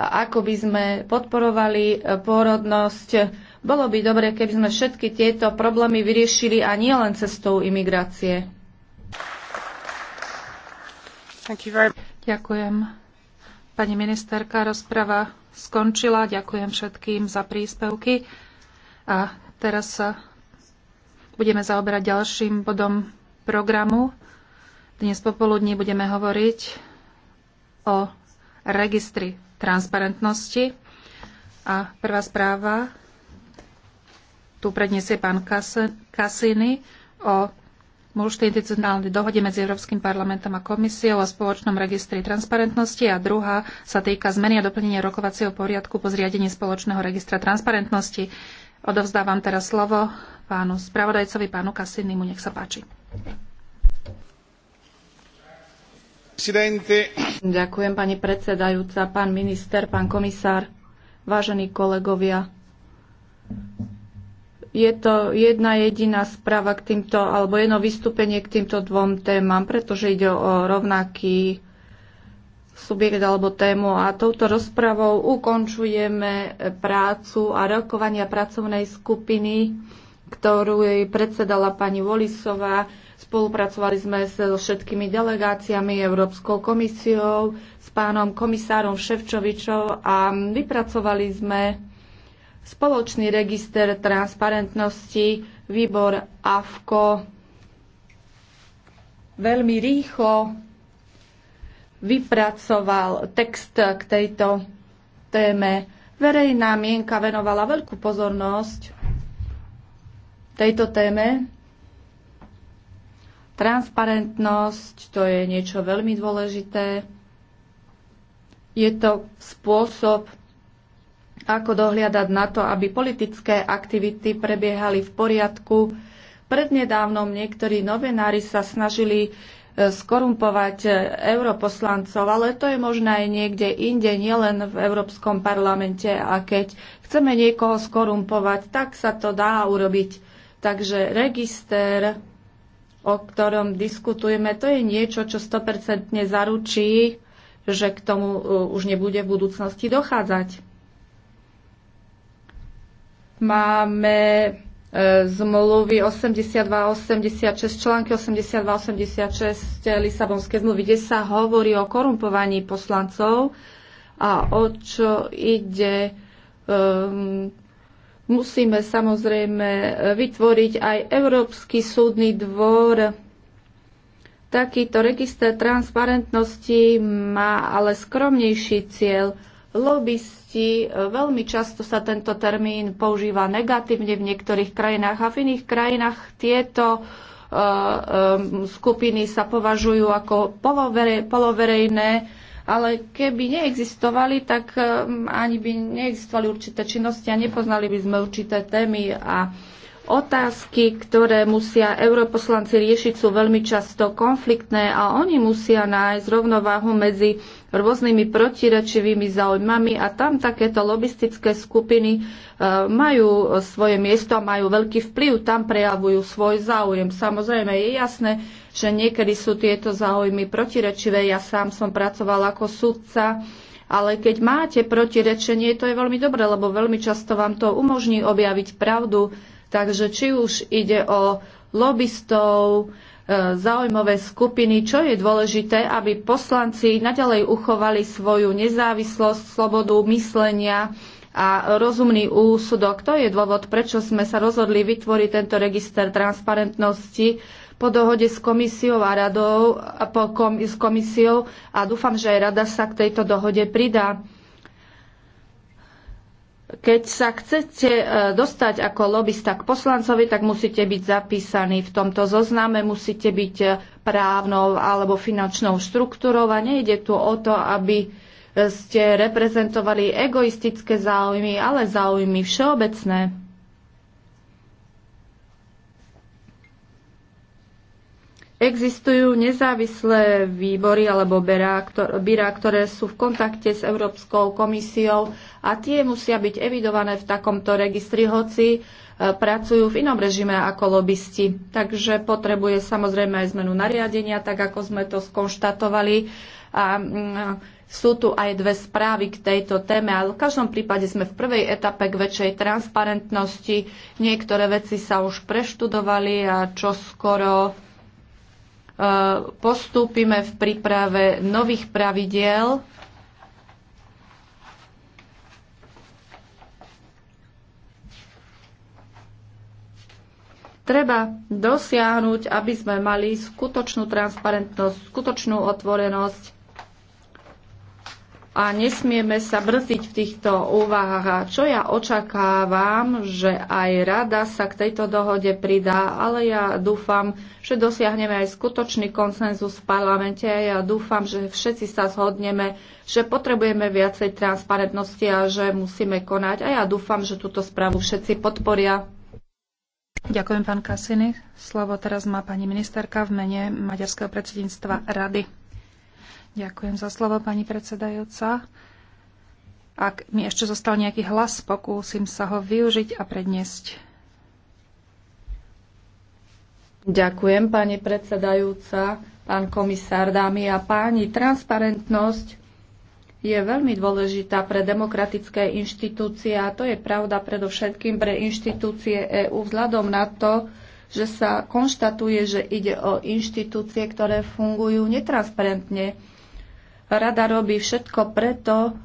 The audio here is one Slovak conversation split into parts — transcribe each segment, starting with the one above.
ako by sme podporovali e, pôrodnosť. Bolo by dobre, keby sme všetky tieto problémy vyriešili a nie len cestou imigrácie. Ďakujem. Pani ministerka, rozprava skončila. Ďakujem všetkým za príspevky. A teraz sa budeme zaoberať ďalším bodom programu. Dnes popoludní budeme hovoriť o registri transparentnosti. A prvá správa tu predniesie pán Cassini o multiinstitucionálnej dohode medzi Európskym parlamentom a komisiou o spoločnom registri transparentnosti a druhá sa týka zmeny a doplnenia rokovacieho poriadku po zriadení spoločného registra transparentnosti. Odovzdávam teraz slovo pánu spravodajcovi, pánu Kasinimu, nech sa páči. Ďakujem, pani predsedajúca, pán minister, pán komisár, vážení kolegovia. Je to jedna jediná správa k týmto, alebo jedno vystúpenie k týmto dvom témam, pretože ide o rovnaký subjekt alebo tému a touto rozpravou ukončujeme prácu a rokovania pracovnej skupiny, ktorú jej predsedala pani Volisová Spolupracovali sme so všetkými delegáciami, Európskou komisiou, s pánom komisárom Ševčovičom a vypracovali sme spoločný register transparentnosti, výbor AFKO veľmi rýchlo vypracoval text k tejto téme. Verejná mienka venovala veľkú pozornosť tejto téme Transparentnosť, to je niečo veľmi dôležité. Je to spôsob, ako dohliadať na to, aby politické aktivity prebiehali v poriadku. Prednedávnom niektorí novinári sa snažili e, skorumpovať e, europoslancov, ale to je možné aj niekde inde, nielen v Európskom parlamente. A keď chceme niekoho skorumpovať, tak sa to dá urobiť. Takže register o ktorom diskutujeme, to je niečo, čo 100% zaručí, že k tomu uh, už nebude v budúcnosti dochádzať. Máme uh, zmluvy 82 86, články 82 86 Lisabonskej zmluvy, kde sa hovorí o korumpovaní poslancov a o čo ide um, Musíme samozrejme e, vytvoriť aj Európsky súdny dvor. Takýto register transparentnosti má ale skromnejší cieľ. Lobbysti e, veľmi často sa tento termín používa negatívne v niektorých krajinách a v iných krajinách tieto e, skupiny sa považujú ako poloverejné ale keby neexistovali, tak e, ani by neexistovali určité činnosti a nepoznali by sme určité témy a otázky, ktoré musia europoslanci riešiť, sú veľmi často konfliktné a oni musia nájsť rovnováhu medzi rôznymi protirečivými záujmami a tam takéto lobistické skupiny e, majú svoje miesto a majú veľký vplyv, tam prejavujú svoj záujem. Samozrejme je jasné, že niekedy sú tieto záujmy protirečivé. Ja sám som pracovala ako sudca, ale keď máte protirečenie, to je veľmi dobré, lebo veľmi často vám to umožní objaviť pravdu. Takže či už ide o lobbystov, e, záujmové skupiny, čo je dôležité, aby poslanci naďalej uchovali svoju nezávislosť, slobodu myslenia a rozumný úsudok. To je dôvod, prečo sme sa rozhodli vytvoriť tento register transparentnosti po dohode s komisiou a radou, a po kom, s komisiou a dúfam, že aj rada sa k tejto dohode pridá. Keď sa chcete e, dostať ako lobista k poslancovi, tak musíte byť zapísaní v tomto zozname, musíte byť e, právnou alebo finančnou štruktúrou a nejde tu o to, aby e, ste reprezentovali egoistické záujmy, ale záujmy všeobecné. Existujú nezávislé výbory alebo byra, ktoré sú v kontakte s Európskou komisiou a tie musia byť evidované v takomto registri, hoci e, pracujú v inom režime ako lobbysti. Takže potrebuje samozrejme aj zmenu nariadenia, tak ako sme to skonštatovali. A mm, sú tu aj dve správy k tejto téme, ale v každom prípade sme v prvej etape k väčšej transparentnosti. Niektoré veci sa už preštudovali a čo skoro postúpime v príprave nových pravidiel treba dosiahnuť, aby sme mali skutočnú transparentnosť, skutočnú otvorenosť a nesmieme sa brziť v týchto úvahách. A čo ja očakávam, že aj rada sa k tejto dohode pridá, ale ja dúfam, že dosiahneme aj skutočný konsenzus v parlamente a ja dúfam, že všetci sa zhodneme, že potrebujeme viacej transparentnosti a že musíme konať a ja dúfam, že túto správu všetci podporia. Ďakujem, pán Kasiny. Slovo teraz má pani ministerka v mene maďarského predsedníctva Rady. Ďakujem za slovo, pani predsedajúca. Ak mi ešte zostal nejaký hlas, pokúsim sa ho využiť a predniesť. Ďakujem, pani predsedajúca, pán komisár, dámy a páni. Transparentnosť je veľmi dôležitá pre demokratické inštitúcie a to je pravda predovšetkým pre inštitúcie EÚ vzhľadom na to, že sa konštatuje, že ide o inštitúcie, ktoré fungujú netransparentne Rada robí všetko preto,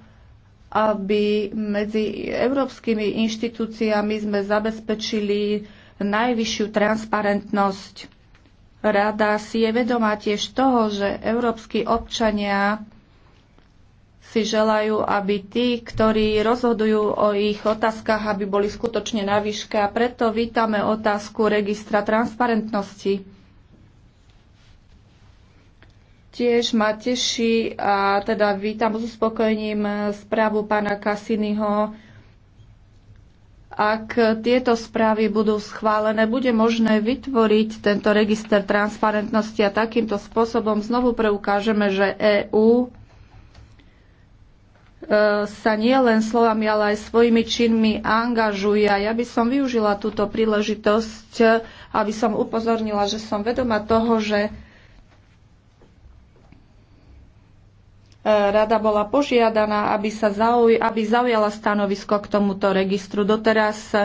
aby medzi európskymi inštitúciami sme zabezpečili najvyššiu transparentnosť. Rada si je vedomá tiež toho, že európsky občania si želajú, aby tí, ktorí rozhodujú o ich otázkach, aby boli skutočne na výške a preto vítame otázku registra transparentnosti. Tiež ma teší a teda vítam s uspokojením správu pána Kasinyho. Ak tieto správy budú schválené, bude možné vytvoriť tento register transparentnosti a takýmto spôsobom znovu preukážeme, že EÚ e, sa nie len slovami, ale aj svojimi činmi angažuje. Ja by som využila túto príležitosť, aby som upozornila, že som vedoma toho, že Rada bola požiadaná, aby, sa zauj- aby zaujala stanovisko k tomuto registru. Doteraz e,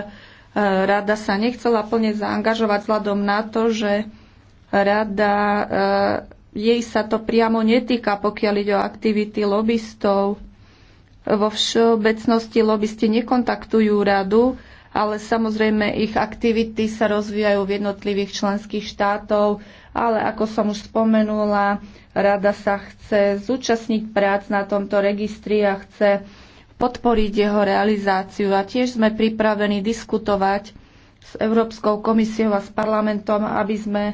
rada sa nechcela plne zaangažovať vzhľadom na to, že rada, e, jej sa to priamo netýka, pokiaľ ide o aktivity lobbystov. Vo všeobecnosti lobbysti nekontaktujú radu, ale samozrejme ich aktivity sa rozvíjajú v jednotlivých členských štátov, ale ako som už spomenula, rada sa chce zúčastniť prác na tomto registri a chce podporiť jeho realizáciu a tiež sme pripravení diskutovať s Európskou komisiou a s parlamentom, aby sme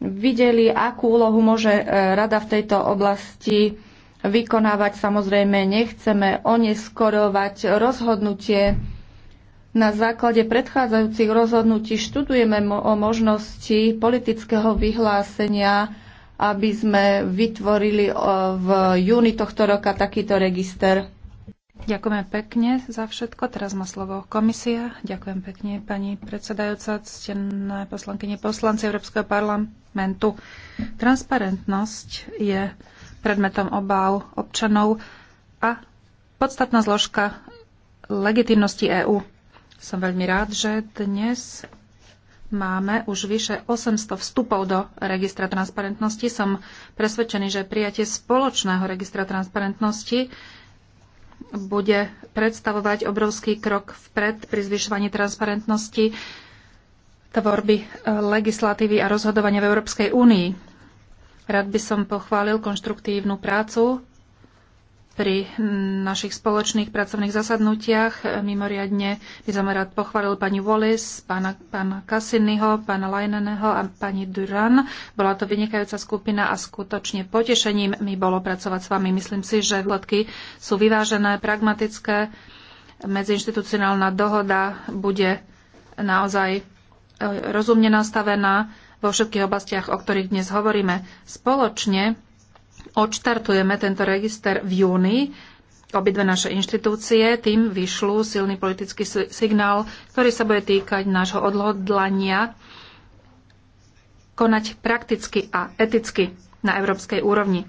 videli, akú úlohu môže e, rada v tejto oblasti vykonávať. Samozrejme, nechceme oneskorovať rozhodnutie na základe predchádzajúcich rozhodnutí študujeme mo o možnosti politického vyhlásenia, aby sme vytvorili v júni tohto roka takýto register. Ďakujem pekne za všetko. Teraz má slovo komisia. Ďakujem pekne, pani predsedajúca, ctené poslankyne poslanci Európskeho parlamentu. Transparentnosť je predmetom obáv občanov a podstatná zložka legitimnosti EÚ. Som veľmi rád, že dnes máme už vyše 800 vstupov do registra transparentnosti. Som presvedčený, že prijatie spoločného registra transparentnosti bude predstavovať obrovský krok vpred pri zvyšovaní transparentnosti tvorby e, legislatívy a rozhodovania v Európskej únii. Rád by som pochválil konštruktívnu prácu pri našich spoločných pracovných zasadnutiach. Mimoriadne by som rád pochválil pani Wallis, pána, pána Cassinyho, pána Lajneného a pani Duran. Bola to vynikajúca skupina a skutočne potešením mi bolo pracovať s vami. Myslím si, že výsledky sú vyvážené, pragmatické. Medziinstitucionálna dohoda bude naozaj e, rozumne nastavená vo všetkých oblastiach, o ktorých dnes hovoríme. Spoločne odštartujeme tento register v júni. Obidve naše inštitúcie tým vyšľú silný politický signál, ktorý sa bude týkať nášho odhodlania konať prakticky a eticky na európskej úrovni.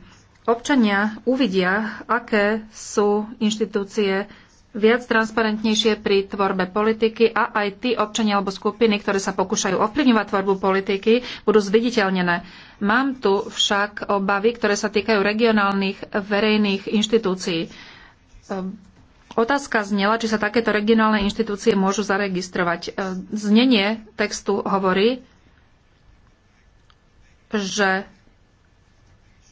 Občania uvidia, aké sú inštitúcie viac transparentnejšie pri tvorbe politiky a aj tí občania alebo skupiny, ktoré sa pokúšajú ovplyvňovať tvorbu politiky, budú zviditeľnené. Mám tu však obavy, ktoré sa týkajú regionálnych verejných inštitúcií. Ehm, otázka znela, či sa takéto regionálne inštitúcie môžu zaregistrovať. Ehm, znenie textu hovorí, že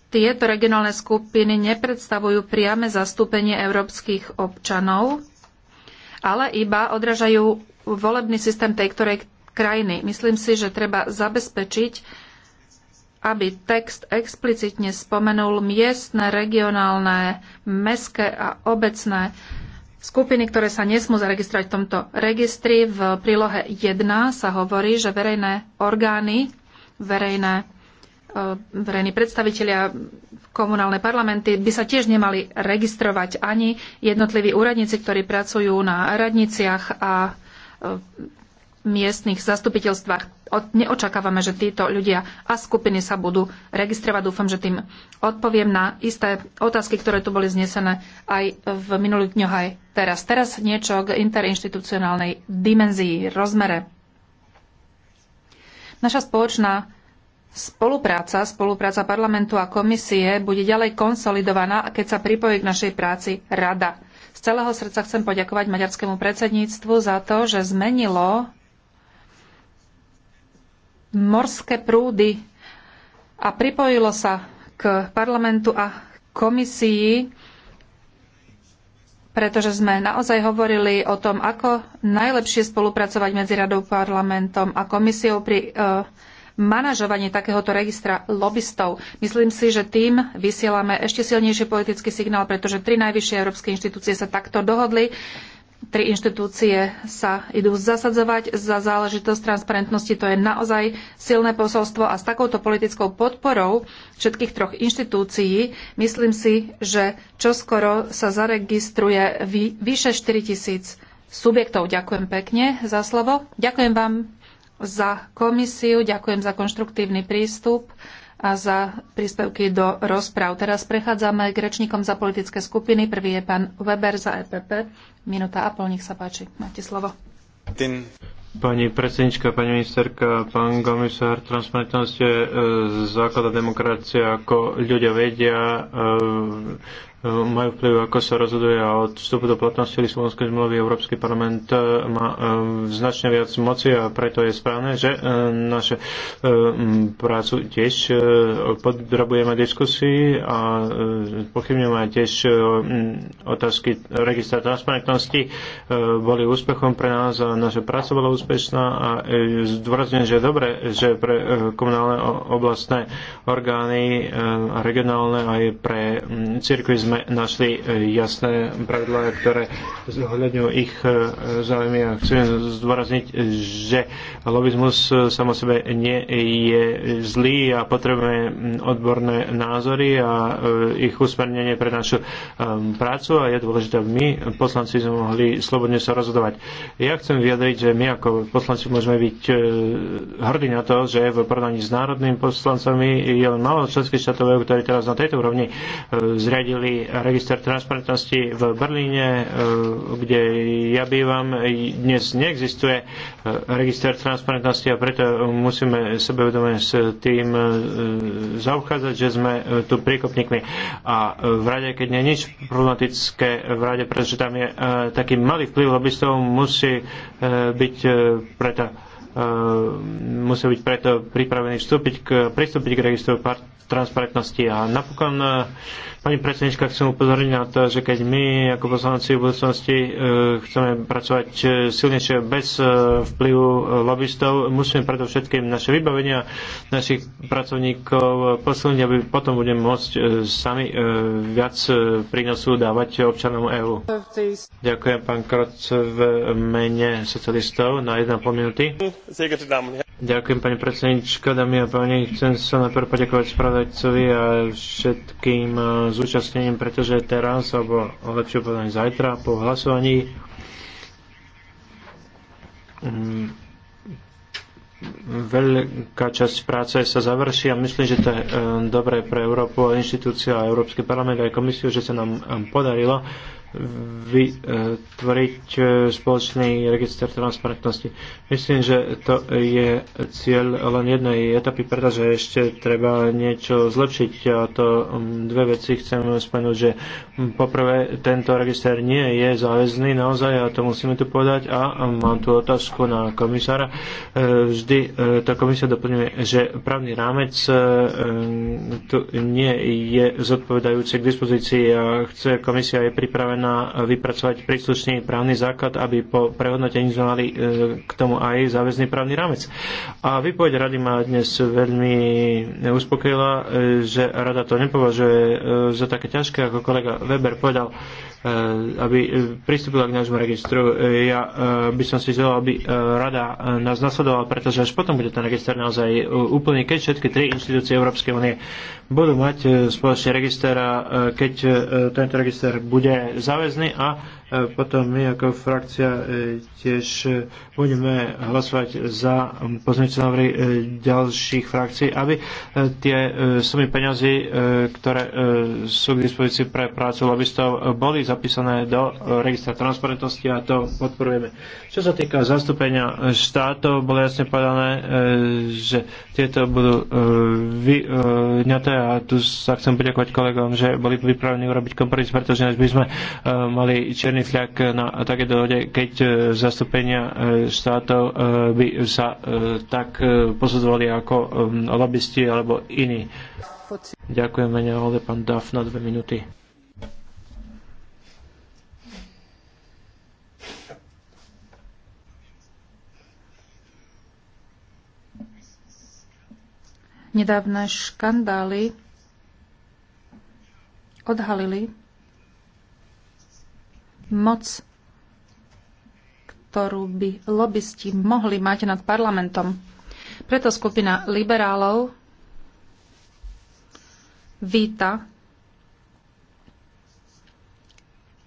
tieto regionálne skupiny nepredstavujú priame zastúpenie európskych občanov, ale iba odražajú volebný systém tej ktorej krajiny. Myslím si, že treba zabezpečiť, aby text explicitne spomenul miestne, regionálne, mestské a obecné skupiny, ktoré sa nesmú zaregistrovať v tomto registri. V prílohe 1 sa hovorí, že verejné orgány, verejné E, verejní predstavitelia, komunálne parlamenty by sa tiež nemali registrovať ani jednotliví úradníci, ktorí pracujú na radniciach a e, miestnych zastupiteľstvách. Neočakávame, že títo ľudia a skupiny sa budú registrovať. Dúfam, že tým odpoviem na isté otázky, ktoré tu boli znesené aj v minulých dňoch aj teraz. Teraz niečo k interinstitucionálnej dimenzii, rozmere. Naša spoločná Spolupráca, spolupráca parlamentu a komisie bude ďalej konsolidovaná, keď sa pripojí k našej práci Rada. Z celého srdca chcem poďakovať maďarskému predsedníctvu za to, že zmenilo morské prúdy a pripojilo sa k parlamentu a komisii, pretože sme naozaj hovorili o tom, ako najlepšie spolupracovať medzi Radou, parlamentom a komisiou pri uh, manažovanie takéhoto registra lobbystov. Myslím si, že tým vysielame ešte silnejší politický signál, pretože tri najvyššie európske inštitúcie sa takto dohodli. Tri inštitúcie sa idú zasadzovať za záležitosť transparentnosti. To je naozaj silné posolstvo a s takouto politickou podporou všetkých troch inštitúcií myslím si, že čoskoro sa zaregistruje vyše 4 tisíc subjektov. Ďakujem pekne za slovo. Ďakujem vám za komisiu, ďakujem za konštruktívny prístup a za príspevky do rozpráv. Teraz prechádzame k rečníkom za politické skupiny. Prvý je pán Weber za EPP. Minúta a pol, nech sa páči. Máte slovo. Pani predsednička, pani ministerka, pán komisár, transparentnosť je e, základa demokracie, ako ľudia vedia. E, majú vplyv, ako sa rozhoduje a od vstupu do platnosti Lisbonskej zmluvy Európsky parlament e, má e, značne viac moci a preto je správne, že e, naše prácu tiež podrobujeme diskusii a pochybňujeme tiež otázky registra transparentnosti boli úspechom pre nás a naša práca bola úspešná a zdôrazňujem, že je dobre, že pre komunálne oblastné orgány a regionálne aj pre cirkvizmy sme našli e, jasné pravidlá, ktoré zohľadňujú ich e, záujmy. A chcem zdôrazniť, že lobizmus samo sebe nie je zlý a potrebujeme odborné názory a e, ich usmernenie pre našu prácu a je dôležité, aby my poslanci sme mohli slobodne sa rozhodovať. Ja chcem vyjadriť, že my ako poslanci môžeme byť hrdí na to, že v porovnaní s národnými poslancami je len málo členských štátov, ktorí teraz na tejto úrovni zriadili register transparentnosti v Berlíne, e, kde ja bývam. E, dnes neexistuje e, register transparentnosti a preto musíme sebevedomé s tým zaobchádzať, že sme tu príkopníkmi. A v rade, keď nie je nič problematické v rade, pretože tam je taký malý vplyv lobbystov, musí byť preto musia byť preto pripravení vstúpiť k, pristúpiť k registru transparentnosti a napokon Pani predsednička, chcem upozorniť na to, že keď my ako poslanci v budúcnosti e, chceme pracovať e, silnejšie bez e, vplyvu lobbystov, musíme predovšetkým naše vybavenia našich pracovníkov posilniť, aby potom budeme môcť sami viac prínosu dávať občanom EÚ. Ďakujem, pán Kroc, v mene socialistov na 1,5 minúty. Ďakujem, pani predsednička, dámy a páni. Chcem sa najprv poďakovať spravodajcovi a všetkým zúčastnením, pretože teraz, alebo lepšie povedané zajtra po hlasovaní, mm, veľká časť práce sa završí a myslím, že to je eh, dobré pre Európu a a Európsky parlament aj komisiu, že sa nám eh, podarilo vytvoriť e, spoločný register transparentnosti. Myslím, že to je cieľ len jednej etapy, pretože ešte treba niečo zlepšiť a to dve veci chcem spomenúť, že poprvé tento register nie je záväzný naozaj a to musíme tu povedať a mám tu otázku na komisára. E, vždy e, tá komisia doplňuje, že právny rámec tu nie je zodpovedajúci k dispozícii a chce komisia je pripravená znamená vypracovať príslušný právny základ, aby po prehodnotení sme mali e, k tomu aj záväzný právny rámec. A vypoveď rady ma dnes veľmi uspokojila, e, že rada to nepovažuje e, za také ťažké, ako kolega Weber povedal. Eh, aby eh, pristúpila k nášmu registru. Eh, ja by som si želal, aby rada nás nasledovala, pretože až potom bude ten register naozaj úplný, keď všetky tri inštitúcie Európskej únie budú mať spoločný register a keď tento register bude záväzný a potom my ako frakcia e, tiež e, budeme hlasovať za pozmeňujúce návrhy e, ďalších frakcií, aby tie sumy peňazí, ktoré sú k dispozícii pre prácu lobbystov, boli zapísané do registra transparentnosti a to podporujeme. Čo sa týka zastúpenia štátov, bolo jasne povedané, že tieto budú vyňaté a tu sa chcem poďakovať kolegom, že boli pripravení urobiť kompromis, pretože by sme mali černý červený fľak na no, také dohode, keď e, zastúpenia e, štátov e, by sa tak posudzovali ako lobbysti alebo iní. Ďakujem menej ale pán Daf na dve minúty. Nedávne škandály odhalili, moc, ktorú by lobbysti mohli mať nad parlamentom. Preto skupina liberálov víta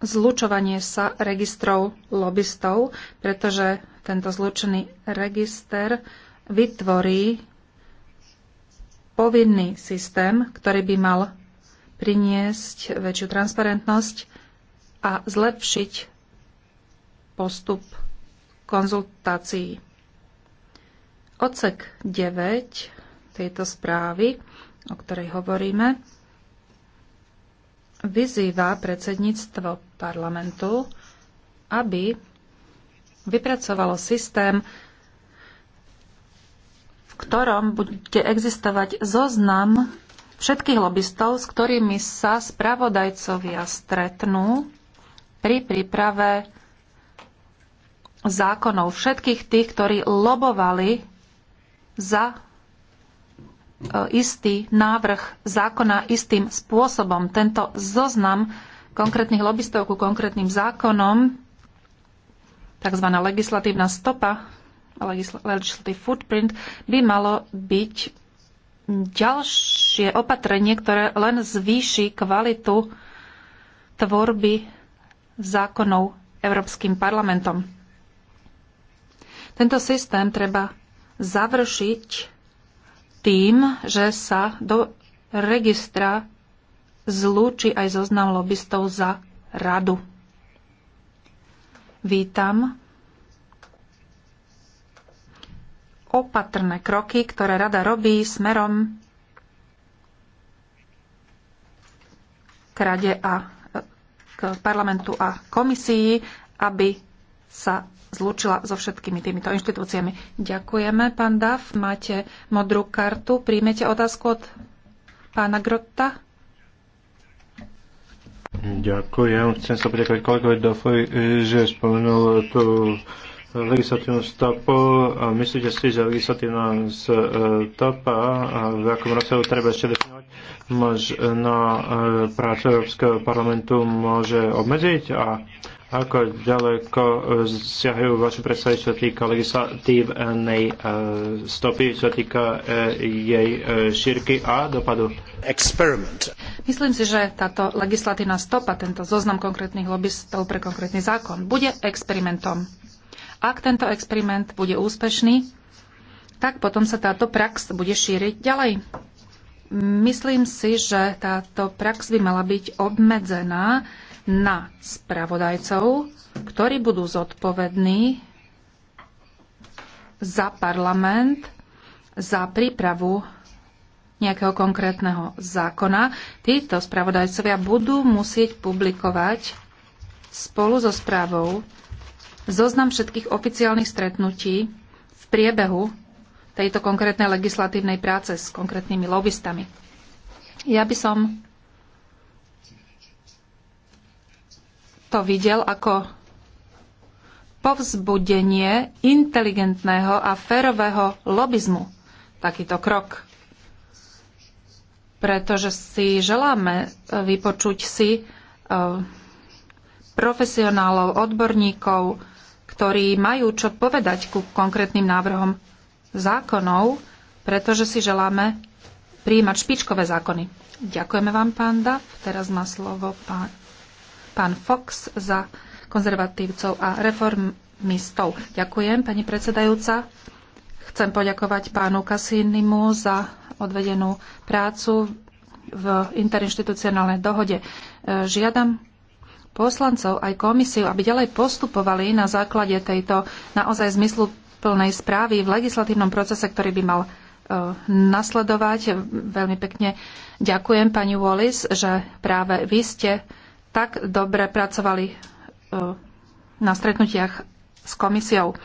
zlučovanie sa registrov lobbystov, pretože tento zlučený register vytvorí povinný systém, ktorý by mal priniesť väčšiu transparentnosť a zlepšiť postup konzultácií. Ocek 9 tejto správy, o ktorej hovoríme, vyzýva predsedníctvo parlamentu, aby vypracovalo systém, v ktorom bude existovať zoznam všetkých lobbystov, s ktorými sa spravodajcovia stretnú pri príprave zákonov všetkých tých, ktorí lobovali za e, istý návrh zákona istým spôsobom. Tento zoznam konkrétnych lobbystov ku konkrétnym zákonom, tzv. legislatívna stopa, legislative footprint, by malo byť ďalšie opatrenie, ktoré len zvýši kvalitu tvorby zákonov Európskym parlamentom. Tento systém treba završiť tým, že sa do registra zlúči aj zoznam lobbystov za radu. Vítam opatrné kroky, ktoré rada robí smerom k rade a parlamentu a komisii, aby sa zlúčila so všetkými týmito inštitúciami. Ďakujeme, pán Dav. Máte modrú kartu. Príjmete otázku od pána Grotta? Ďakujem. Chcem sa poďakovať kolegovi Dafovi, eh, že spomenul tú legislatívnu stopu. Myslíte si, že legislatívna e, stopa, v akom rozsahu treba ešte definovať, na e, prácu Európskeho parlamentu môže obmedziť a ako ďaleko e, siahajú vaše predstavy, čo týka legislatívnej stopy, čo týka jej šírky a dopadu? Experiment. Myslím si, že táto legislatívna stopa, tento zoznam konkrétnych lobbystov pre konkrétny zákon, bude experimentom ak tento experiment bude úspešný, tak potom sa táto prax bude šíriť ďalej. Myslím si, že táto prax by mala byť obmedzená na spravodajcov, ktorí budú zodpovední za parlament, za prípravu nejakého konkrétneho zákona. Títo spravodajcovia budú musieť publikovať spolu so správou zoznam všetkých oficiálnych stretnutí v priebehu tejto konkrétnej legislatívnej práce s konkrétnymi lobbystami. Ja by som to videl ako povzbudenie inteligentného a férového lobizmu. Takýto krok. Pretože si želáme vypočuť si eh, profesionálov, odborníkov, ktorí majú čo povedať ku konkrétnym návrhom zákonov, pretože si želáme prijímať špičkové zákony. Ďakujeme vám, pán Dav. Teraz má slovo pán, pán Fox za konzervatívcov a reformistov. Ďakujem, pani predsedajúca. Chcem poďakovať pánu Kasinimu za odvedenú prácu v interinstitucionálnej dohode. Žiadam poslancov aj komisiu, aby ďalej postupovali na základe tejto naozaj zmysluplnej správy v legislatívnom procese, ktorý by mal e, nasledovať. Veľmi pekne ďakujem pani Wallis, že práve vy ste tak dobre pracovali e, na stretnutiach s komisiou.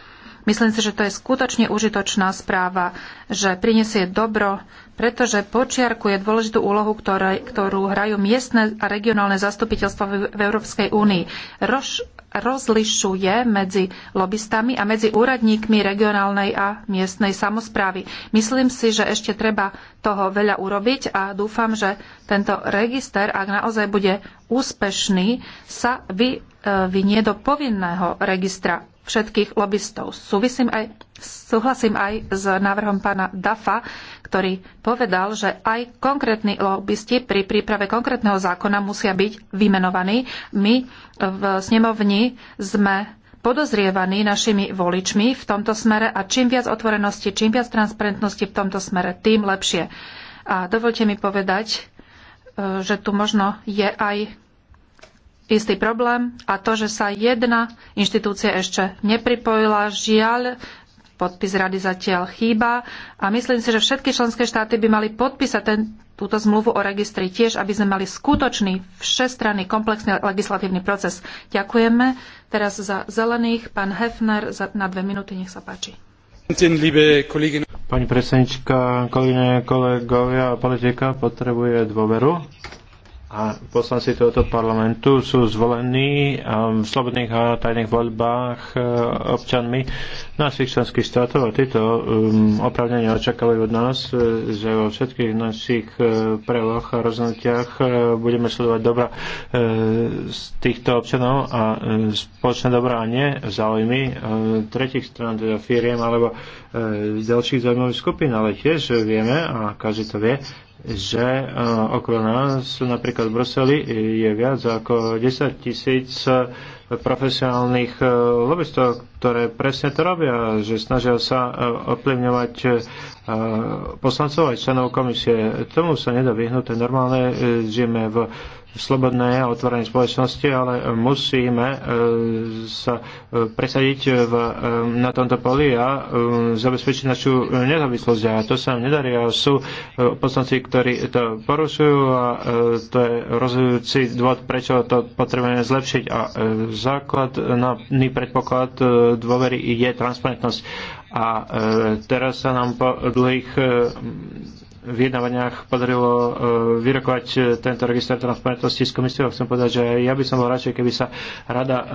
Myslím si, že to je skutočne užitočná správa, že prinesie dobro, pretože počiarkuje dôležitú úlohu, ktoré, ktorú hrajú miestne a regionálne zastupiteľstva v Európskej únii. Roš, rozlišuje medzi lobbystami a medzi úradníkmi regionálnej a miestnej samozprávy. Myslím si, že ešte treba toho veľa urobiť a dúfam, že tento register, ak naozaj bude úspešný, sa vy, e, vynie do povinného registra všetkých lobbystov. Súvisím aj, súhlasím aj s návrhom pána Dafa, ktorý povedal, že aj konkrétni lobbysti pri príprave konkrétneho zákona musia byť vymenovaní. My v snemovni sme podozrievaní našimi voličmi v tomto smere a čím viac otvorenosti, čím viac transparentnosti v tomto smere, tým lepšie. A dovolte mi povedať, e, že tu možno je aj istý problém a to, že sa jedna inštitúcia ešte nepripojila, žiaľ, podpis rady zatiaľ chýba a myslím si, že všetky členské štáty by mali podpísať ten, túto zmluvu o registri tiež, aby sme mali skutočný všestranný komplexný legislatívny proces. Ďakujeme. Teraz za zelených pán Hefner za, na dve minúty, nech sa páči. Pani predsednička, kolegyne, kolegovia, politika potrebuje dôveru a poslanci tohoto parlamentu sú zvolení um, v slobodných a tajných voľbách uh, občanmi našich členských štátov a títo um, opravnenia očakávajú od nás, uh, že vo všetkých našich uh, preloch a rozhodnutiach budeme sledovať dobra z týchto občanov a spoločné dobrá a nie záujmy tretich strán, teda firiem alebo ďalších zaujímavých skupín, ale tiež vieme a každý to vie, že e, okolo nás, napríklad v Bruseli, je viac ako 10 tisíc profesionálnych eh, lobbystov, ktoré presne to robia, že snažia sa eh, ovplyvňovať eh, poslancov aj členov komisie. Tomu sa nedá vyhnúť, to je normálne, žijeme v slobodnej a otvorenej spoločnosti, ale musíme sa presadiť v, na tomto poli a zabezpečiť našu nezávislosť. A to sa nám nedarí. A sú poslanci, ktorí to porušujú a to je rozhodujúci dôvod, prečo to potrebujeme zlepšiť. A základný predpoklad e, dôvery je transparentnosť. A e, teraz sa nám po dlhých e, vyjednávaniach podarilo e, vyrokovať e, tento register transparentnosti s komisiou. Chcem povedať, že ja by som bol radšej, keby sa rada e,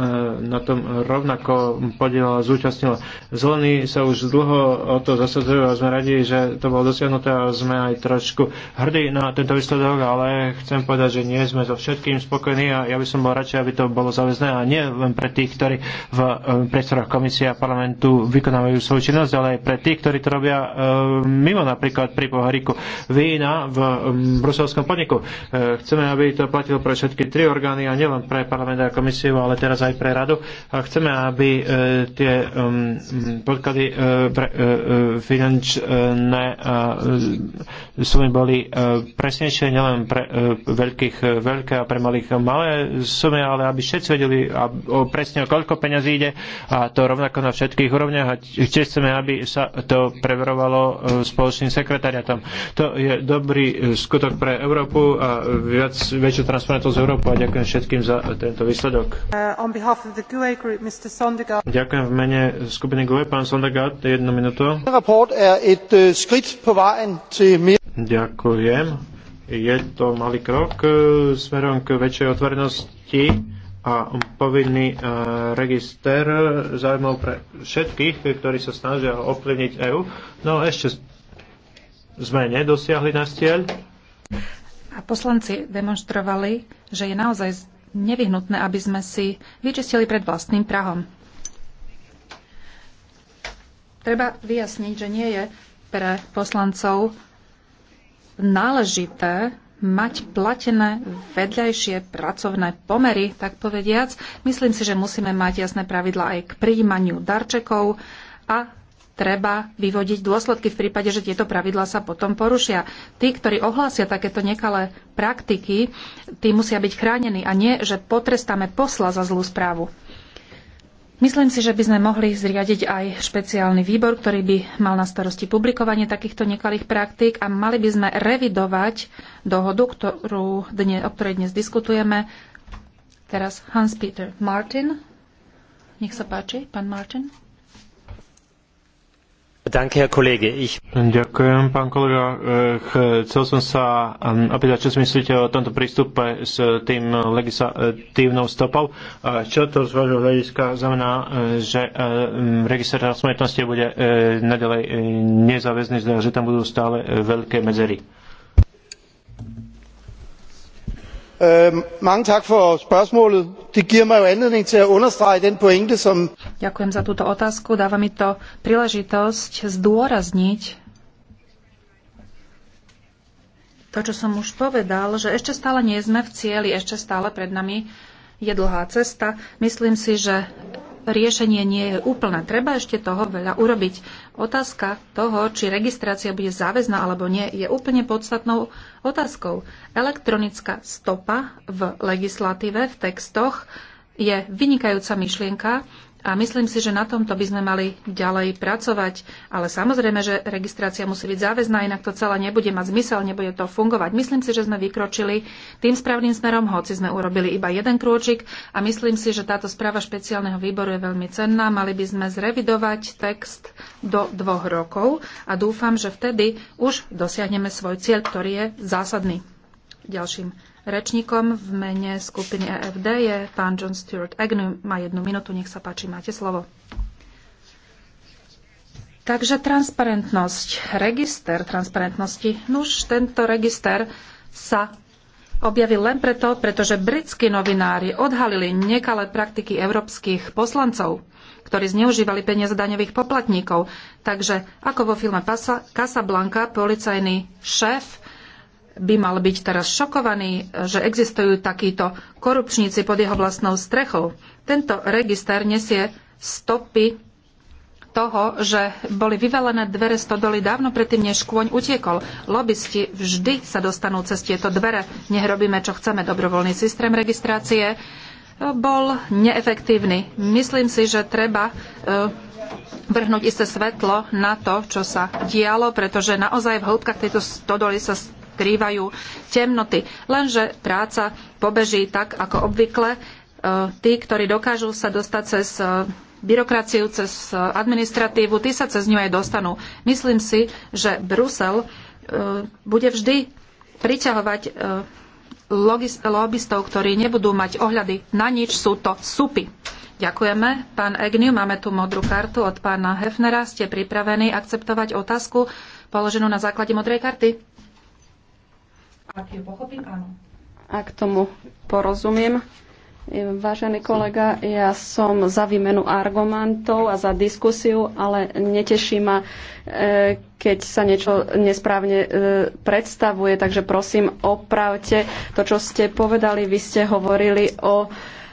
na tom rovnako podielala, zúčastnila. Zelení sa už dlho o to zasadzujú a sme radi, že to bolo dosiahnuté a sme aj trošku hrdí na tento výsledok, ale chcem povedať, že nie sme so všetkým spokojní a ja by som bol radšej, aby to bolo záväzné a nie len pre tých, ktorí v priestoroch komisie a parlamentu vykonávajú svoju činnosť, ale aj pre tých, ktorí to robia mimo napríklad pri pohariku vína v um, bruselskom podniku. E, chceme, aby to platilo pre všetky tri orgány a nielen pre parlament a komisiu, ale teraz aj pre radu. A chceme, aby e, tie um, podklady e, pre finančné sumy boli presnejšie nielen pre veľkých veľké a pre malých malé sumy, ale aby všetci vedeli presne o koľko peňazí ide a to rovnako na všetkých úrovniach a tiež chceme, aby sa to preverovalo spoločným sekretariatom. To je dobrý e, skutok pre Európu a viac, väčšiu transparentnosť Európu a ďakujem všetkým za tento výsledok. Uh, e ďakujem v mene skupiny GUE, pán Sondergaard, jednu minútu. Er uh, ďakujem. Je to malý krok e, smerom k väčšej otvorenosti a povinný register zaujímav pre všetkých, ktorí sa snažia ovplyvniť EÚ. No ešte sme nedosiahli na stieľ. A poslanci demonstrovali, že je naozaj nevyhnutné, aby sme si vyčistili pred vlastným prahom. Treba vyjasniť, že nie je pre poslancov náležité mať platené vedľajšie pracovné pomery, tak povediac. Myslím si, že musíme mať jasné pravidla aj k príjmaniu darčekov a treba vyvodiť dôsledky v prípade, že tieto pravidlá sa potom porušia. Tí, ktorí ohlásia takéto nekalé praktiky, tí musia byť chránení a nie, že potrestáme posla za zlú správu. Myslím si, že by sme mohli zriadiť aj špeciálny výbor, ktorý by mal na starosti publikovanie takýchto nekalých praktík a mali by sme revidovať dohodu, ktorú dne, o ktorej dnes diskutujeme. Teraz Hans-Peter Martin. Nech sa páči, pán Martin. Ďakujem, pán kolega. Eh, chcel som sa ehm, opýtať, čo si myslíte o tomto prístupe s tým legislatívnou stopou. Čo to z vášho hľadiska znamená, eh, že ehm, register smrtnosti bude eh, nadalej nezáväzný, že tam budú stále veľké medzery? mange tak for spørgsmålet. Det giver mig jo anledning til at understrege den pointe, som... Ďakujem za túto otázku. Dáva mi to príležitosť zdôrazniť to, čo som už povedal, že ešte stále nie sme v cieli, ešte stále pred nami je dlhá cesta. Myslím si, že riešenie nie je úplné. Treba ešte toho veľa urobiť. Otázka toho, či registrácia bude záväzná alebo nie, je úplne podstatnou otázkou. Elektronická stopa v legislatíve, v textoch je vynikajúca myšlienka, a myslím si, že na tomto by sme mali ďalej pracovať. Ale samozrejme, že registrácia musí byť záväzná, inak to celé nebude mať zmysel, nebude to fungovať. Myslím si, že sme vykročili tým správnym smerom, hoci sme urobili iba jeden krôčik. A myslím si, že táto správa špeciálneho výboru je veľmi cenná. Mali by sme zrevidovať text do dvoch rokov a dúfam, že vtedy už dosiahneme svoj cieľ, ktorý je zásadný. Ďalším Rečníkom v mene skupiny EFD je pán John Stuart Agnew. Má jednu minútu, nech sa páči, máte slovo. Takže transparentnosť, register transparentnosti. Nuž, tento register sa objavil len preto, pretože britskí novinári odhalili nekalé praktiky európskych poslancov, ktorí zneužívali peniaze daňových poplatníkov. Takže ako vo filme Casablanca, policajný šéf by mal byť teraz šokovaný, že existujú takíto korupčníci pod jeho vlastnou strechou. Tento register nesie stopy toho, že boli vyvelené dvere stodoly dávno predtým, než kôň utiekol. Lobisti vždy sa dostanú cez tieto dvere. Nech robíme, čo chceme. Dobrovoľný systém registrácie bol neefektívny. Myslím si, že treba e, vrhnúť isté svetlo na to, čo sa dialo, pretože naozaj v hĺbkach tejto stodoly sa skrývajú temnoty. Lenže práca pobeží tak, ako obvykle. E, tí, ktorí dokážu sa dostať cez e, byrokraciu, cez e, administratívu, tí sa cez ňu aj dostanú. Myslím si, že Brusel bude vždy priťahovať lobbystov, ktorí nebudú mať ohľady na nič, sú to súpy. Ďakujeme. Pán Egniu, máme tu modrú kartu od pána Hefnera. Ste pripravení akceptovať otázku položenú na základe modrej karty? Ak ju pochopím, áno. Ak tomu porozumiem, Vážený kolega, ja som za výmenu argumentov a za diskusiu, ale neteší ma, e, keď sa niečo nesprávne e, predstavuje, takže prosím, opravte to, čo ste povedali. Vy ste hovorili o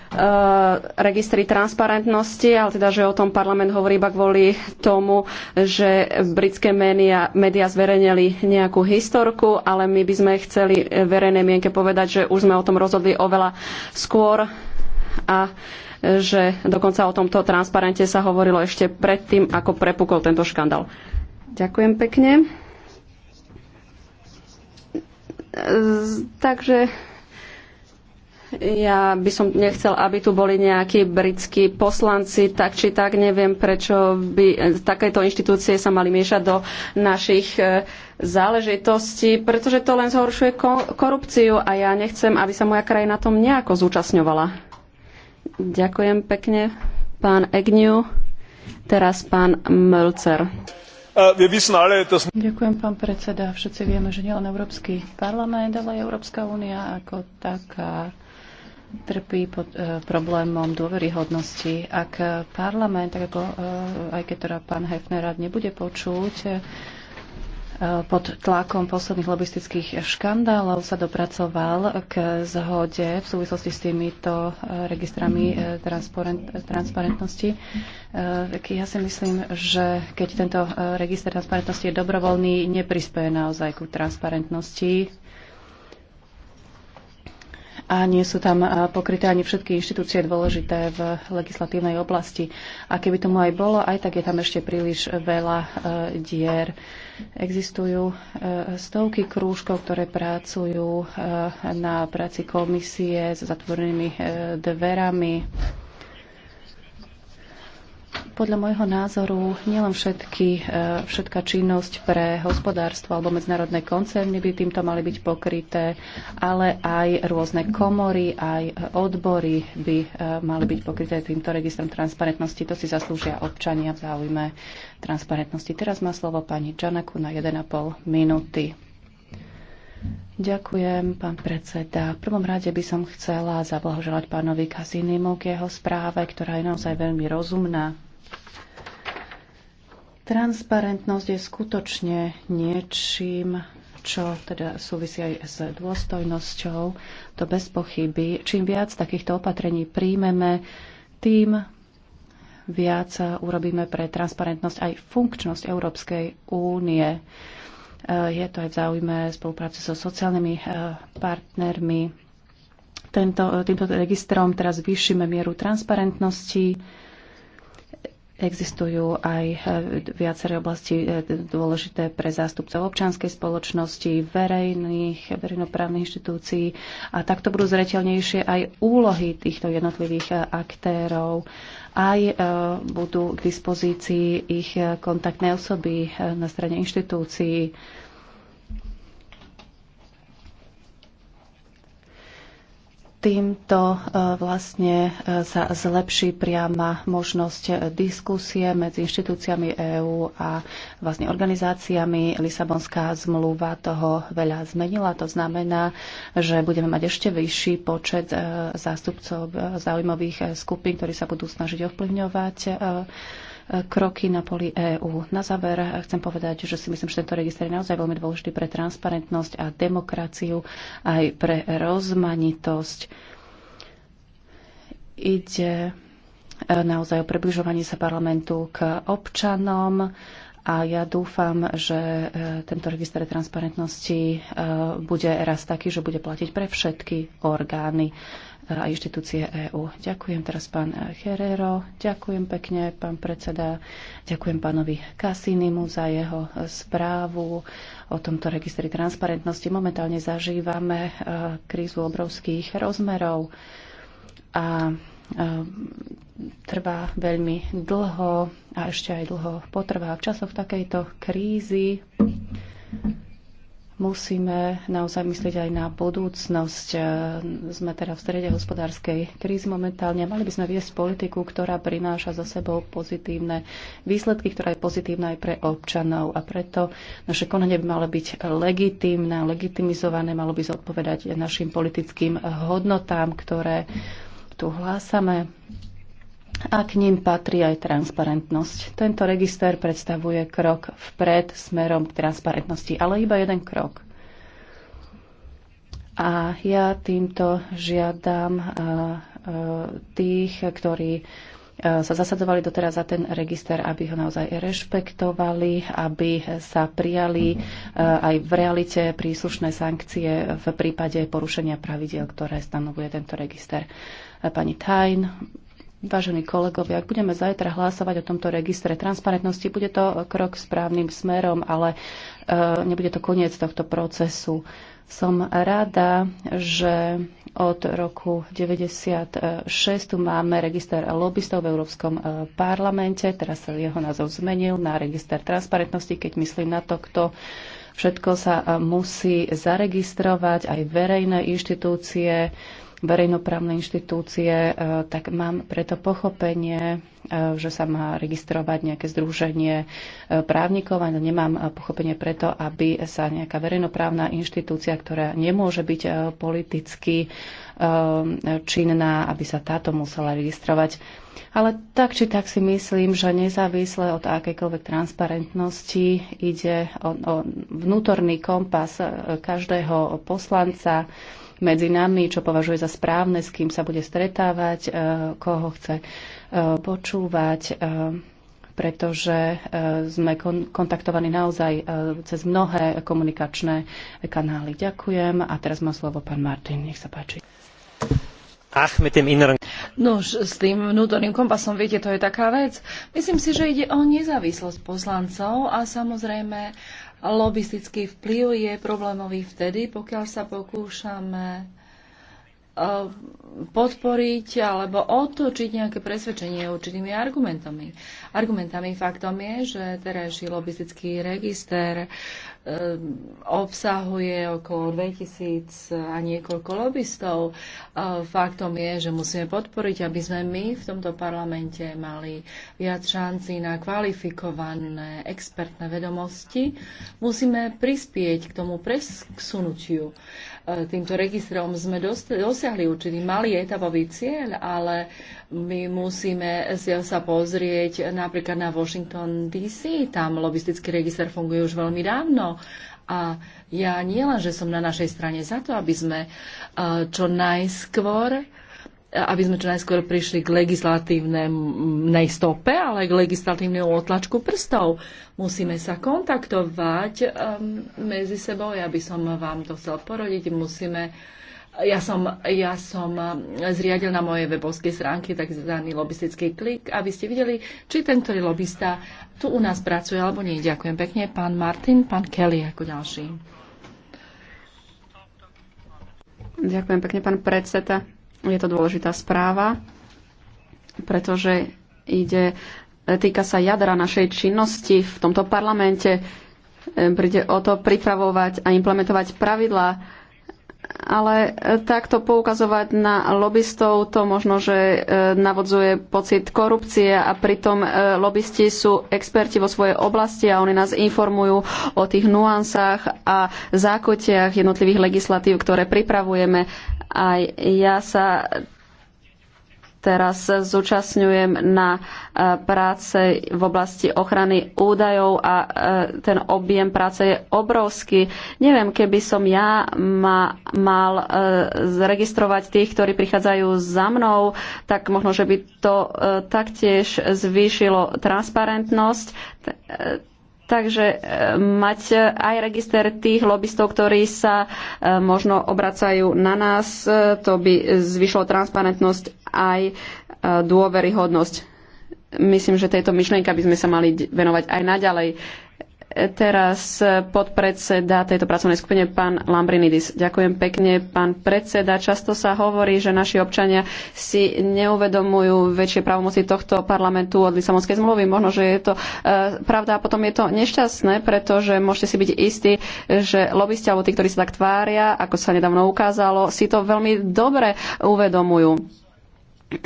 Eh, registri transparentnosti, ale teda, že o tom parlament hovorí iba kvôli tomu, že britské média, média zverejnili nejakú historku, ale my by sme chceli verejnej mienke povedať, že už sme o tom rozhodli oveľa skôr a že dokonca o tomto transparente sa hovorilo ešte predtým, ako prepukol tento škandál. Ďakujem pekne. Takže ja by som nechcel, aby tu boli nejakí britskí poslanci, tak či tak neviem, prečo by takéto inštitúcie sa mali miešať do našich e, záležitostí, pretože to len zhoršuje korupciu a ja nechcem, aby sa moja krajina tom nejako zúčastňovala. Ďakujem pekne, pán Egniu. Teraz pán Mölcer. E, Ďakujem, pán predseda. Všetci vieme, že nielen Európsky parlament, ale aj Európska únia ako taká trpí pod e, problémom dôveryhodnosti. Ak parlament, tak ako e, aj keď teda pán Hefner rád nebude počuť, e, pod tlakom posledných lobistických škandálov sa dopracoval k zhode v súvislosti s týmito e, registrami e, transparent, transparentnosti. E, tak ja si myslím, že keď tento register transparentnosti je dobrovoľný, neprispieje naozaj ku transparentnosti a nie sú tam pokryté ani všetky inštitúcie dôležité v legislatívnej oblasti. A keby tomu aj bolo, aj tak je tam ešte príliš veľa e, dier. Existujú e, stovky krúžkov, ktoré pracujú e, na práci komisie s zatvorenými dverami podľa môjho názoru nielen všetky, e, všetká činnosť pre hospodárstvo alebo medzinárodné koncerny by týmto mali byť pokryté, ale aj rôzne komory, aj odbory by e, mali byť pokryté týmto registrom transparentnosti. To si zaslúžia občania v záujme transparentnosti. Teraz má slovo pani Čanaku na 1,5 minúty. Ďakujem, pán predseda. V prvom rade by som chcela zablahoželať pánovi Kazinimu k jeho správe, ktorá je naozaj veľmi rozumná. Transparentnosť je skutočne niečím, čo teda súvisí aj s dôstojnosťou. To bez pochyby. Čím viac takýchto opatrení príjmeme, tým viac urobíme pre transparentnosť aj funkčnosť Európskej únie. Eh, je to aj v záujme spolupráce so sociálnymi eh, partnermi. Tento, eh, týmto registrom teraz zvýšime mieru transparentnosti Existujú aj e, viaceré oblasti e, dôležité pre zástupcov občianskej spoločnosti, verejných, verejnoprávnych inštitúcií a takto budú zreteľnejšie aj úlohy týchto jednotlivých e, aktérov. Aj budú k dispozícii ich kontaktné osoby na strane inštitúcií Týmto e, vlastne e, sa zlepší priama možnosť e, diskusie medzi inštitúciami EÚ a vlastne organizáciami. Lisabonská zmluva toho veľa zmenila. To znamená, že budeme mať ešte vyšší počet zástupcov záujmových skupín, ktorí sa budú snažiť ovplyvňovať kroky na poli EÚ. Na záver chcem povedať, že si myslím, že tento register je naozaj veľmi dôležitý pre transparentnosť a demokraciu, aj pre rozmanitosť. Ide e, naozaj o približovanie sa parlamentu k občanom a ja dúfam, že e, tento register transparentnosti e, bude raz taký, že bude platiť pre všetky orgány a inštitúcie EÚ. Ďakujem teraz pán Herrero, ďakujem pekne pán predseda, ďakujem pánovi Kasinimu za jeho správu o tomto registri transparentnosti. Momentálne zažívame e, krízu obrovských rozmerov a e, trvá veľmi dlho a ešte aj dlho potrvá. V časoch takejto krízy musíme naozaj myslieť aj na budúcnosť. E, sme teda v strede hospodárskej krízy momentálne mali by sme viesť politiku, ktorá prináša za sebou pozitívne výsledky, ktorá je pozitívna aj pre občanov a preto naše konanie by malo byť legitímne, legitimizované, malo by zodpovedať našim politickým hodnotám, ktoré tu hlásame a k ním patrí aj transparentnosť. Tento register predstavuje krok vpred smerom k transparentnosti, ale iba jeden krok. A ja týmto žiadam tých, ktorí sa zasadzovali doteraz za ten register, aby ho naozaj rešpektovali, aby sa prijali aj v realite príslušné sankcie v prípade porušenia pravidel, ktoré stanovuje tento register. Pani Tajn, Vážení kolegovia, ak budeme zajtra hlasovať o tomto registre transparentnosti, bude to krok správnym smerom, ale e, nebude to koniec tohto procesu. Som rada, že od roku 96 tu máme register lobbystov v Európskom e, parlamente. Teraz sa jeho názov zmenil na register transparentnosti, keď myslím na to, kto všetko sa e, musí zaregistrovať, aj verejné inštitúcie, verejnoprávne inštitúcie, e, tak mám preto pochopenie, e, že sa má registrovať nejaké združenie e, právnikov, ale nemám pochopenie preto, aby sa nejaká verejnoprávna inštitúcia, ktorá nemôže byť politicky činná, aby sa táto musela registrovať. Ale tak či tak si myslím, že nezávisle od akejkoľvek transparentnosti ide o, o vnútorný kompas každého poslanca, medzi nami, čo považuje za správne, s kým sa bude stretávať, e, koho chce e, počúvať e, pretože sme kontaktovaní naozaj cez mnohé komunikačné kanály. Ďakujem a teraz má slovo pán Martin, nech sa páči. Ach, my tým inr- No, s tým vnútorným kompasom, viete, to je taká vec. Myslím si, že ide o nezávislosť poslancov a samozrejme Lobistický vplyv je problémový vtedy, pokiaľ sa pokúšame e, podporiť alebo otočiť nejaké presvedčenie určitými argumentami. Argumentami faktom je, že terajší lobistický register Ehm, obsahuje okolo 2000 a niekoľko lobbystov. Ehm, faktom je, že musíme podporiť, aby sme my v tomto parlamente mali viac šanci na kvalifikované expertné vedomosti. Musíme prispieť k tomu presunutiu. E, týmto registrom sme dosiahli určitý malý etapový cieľ, ale my musíme sa pozrieť napríklad na Washington DC, tam lobistický register funguje už veľmi dávno a ja nielen, že som na našej strane za to, aby sme e, čo najskôr aby sme čo najskôr prišli k legislatívnej stope, ale k legislatívnej otlačku prstov. Musíme sa kontaktovať um, medzi sebou, ja by som vám to chcel porodiť, musíme ja som, ja som um, zriadil na mojej webovskej stránke tzv. lobistický klik, aby ste videli, či ten, ktorý lobista tu u nás pracuje alebo nie. Ďakujem pekne. Pán Martin, pán Kelly ako ďalší. Ďakujem pekne, pán predseda. Je to dôležitá správa, pretože ide, e, týka sa jadra našej činnosti v tomto parlamente. E, príde o to pripravovať a implementovať pravidlá ale e, takto poukazovať na lobbystov to možno, že e, navodzuje pocit korupcie a pritom e, lobbysti sú experti vo svojej oblasti a oni nás informujú o tých nuansách a zákutiach jednotlivých legislatív, ktoré pripravujeme. Aj ja sa teraz zúčastňujem na e, práce v oblasti ochrany údajov a e, ten objem práce je obrovský. Neviem, keby som ja ma, mal e, zregistrovať tých, ktorí prichádzajú za mnou, tak možno, že by to taktiež zvýšilo transparentnosť Takže e, mať e, aj register tých lobbystov, ktorí sa e, možno obracajú na nás, to by zvyšlo transparentnosť aj dôveryhodnosť. Myslím, že tejto myšlienka by sme sa mali venovať aj naďalej. Teraz podpredseda tejto pracovnej skupine, pán Lambrinidis. Ďakujem pekne, pán predseda. Často sa hovorí, že naši občania si neuvedomujú väčšie právomoci tohto parlamentu od Lisabonskej zmluvy. Možno, že je to e, pravda a potom je to nešťastné, pretože môžete si byť istí, že lobbysti alebo tí, ktorí sa tak tvária, ako sa nedávno ukázalo, si to veľmi dobre uvedomujú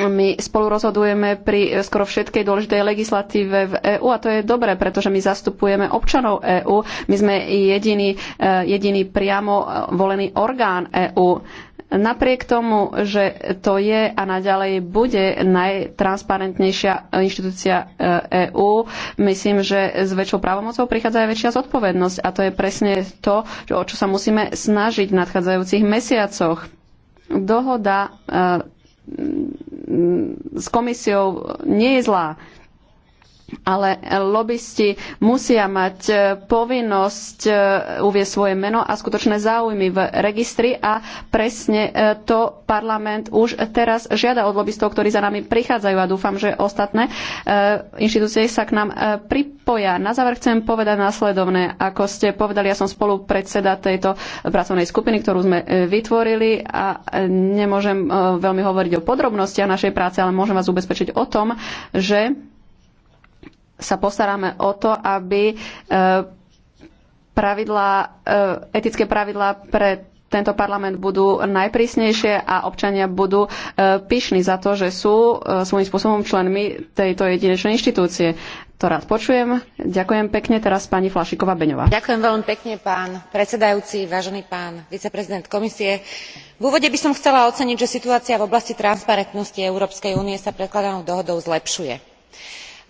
my spolu rozhodujeme pri skoro všetkej dôležitej legislatíve v EÚ a to je dobré, pretože my zastupujeme občanov EÚ. My sme jediný, eh, jediný priamo volený orgán EÚ. Napriek tomu, že to je a naďalej bude najtransparentnejšia inštitúcia EÚ, eh, e myslím, že s väčšou právomocou prichádza aj väčšia zodpovednosť a to je presne to, o čo sa musíme snažiť v nadchádzajúcich mesiacoch. Dohoda eh, s komisiou nie je zlá ale lobbysti musia mať e, povinnosť e, uvieť svoje meno a skutočné záujmy v registri a presne e, to parlament už teraz žiada od lobbystov, ktorí za nami prichádzajú a dúfam, že ostatné inštitúcie sa k nám pripoja. Na záver chcem povedať následovné. Ako ste povedali, ja som spolupredseda tejto pracovnej skupiny, ktorú sme vytvorili a nemôžem veľmi hovoriť o podrobnostiach našej práce, ale môžem vás ubezpečiť o tom, že sa postaráme o to, aby e, pravidla, e, etické pravidlá pre tento parlament budú najprísnejšie a občania budú e, pyšní za to, že sú svojím spôsobom členmi tejto jedinečnej inštitúcie. To rád počujem. Ďakujem pekne teraz pani Flašiková Beňová. Ďakujem veľmi pekne pán predsedajúci, vážený pán viceprezident komisie. V úvode by som chcela oceniť, že situácia v oblasti transparentnosti Európskej únie sa predkladanou dohodou zlepšuje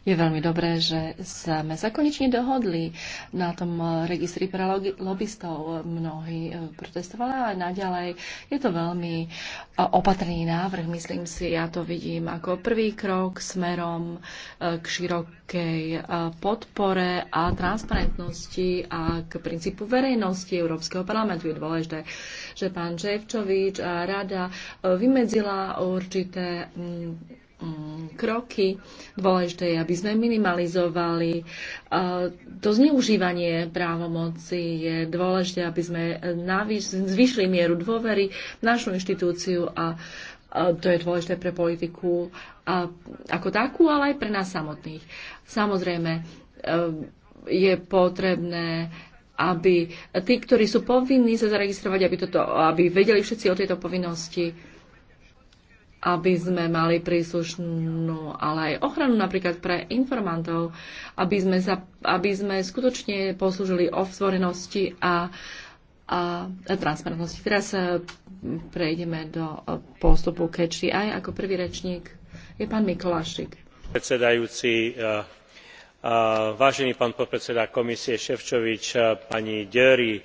Je veľmi dobré, že sme sa konečne dohodli na tom registri pre lobbystov. Mnohí e, protestovali a naďalej. Je to veľmi e, opatrný návrh, myslím si. Ja to vidím ako prvý krok smerom e, k širokej podpore a transparentnosti a k princípu verejnosti Európskeho parlamentu. Je dôležité, že pán Ževčovič a rada vymedzila určité Mm, kroky. Dôležité je, aby sme minimalizovali e, to zneužívanie právomoci. Je dôležité, aby sme e, zvyšili mieru dôvery v našu inštitúciu a e, to je dôležité pre politiku ako takú, ale aj pre nás samotných. Samozrejme, je potrebné aby tí, ktorí sú povinní sa zaregistrovať, aby, toto, aby vedeli všetci o tejto povinnosti aby sme mali príslušnú, ale aj ochranu napríklad pre informantov, aby sme, za, aby sme skutočne poslúžili o vzvorenosti a, a, a transparentnosti. Teraz e, prejdeme do postupu keči. Aj ako prvý rečník je pán Mikolášik. Predsedajúci, e, e, vážený pán podpredseda komisie Ševčovič, pani Dery,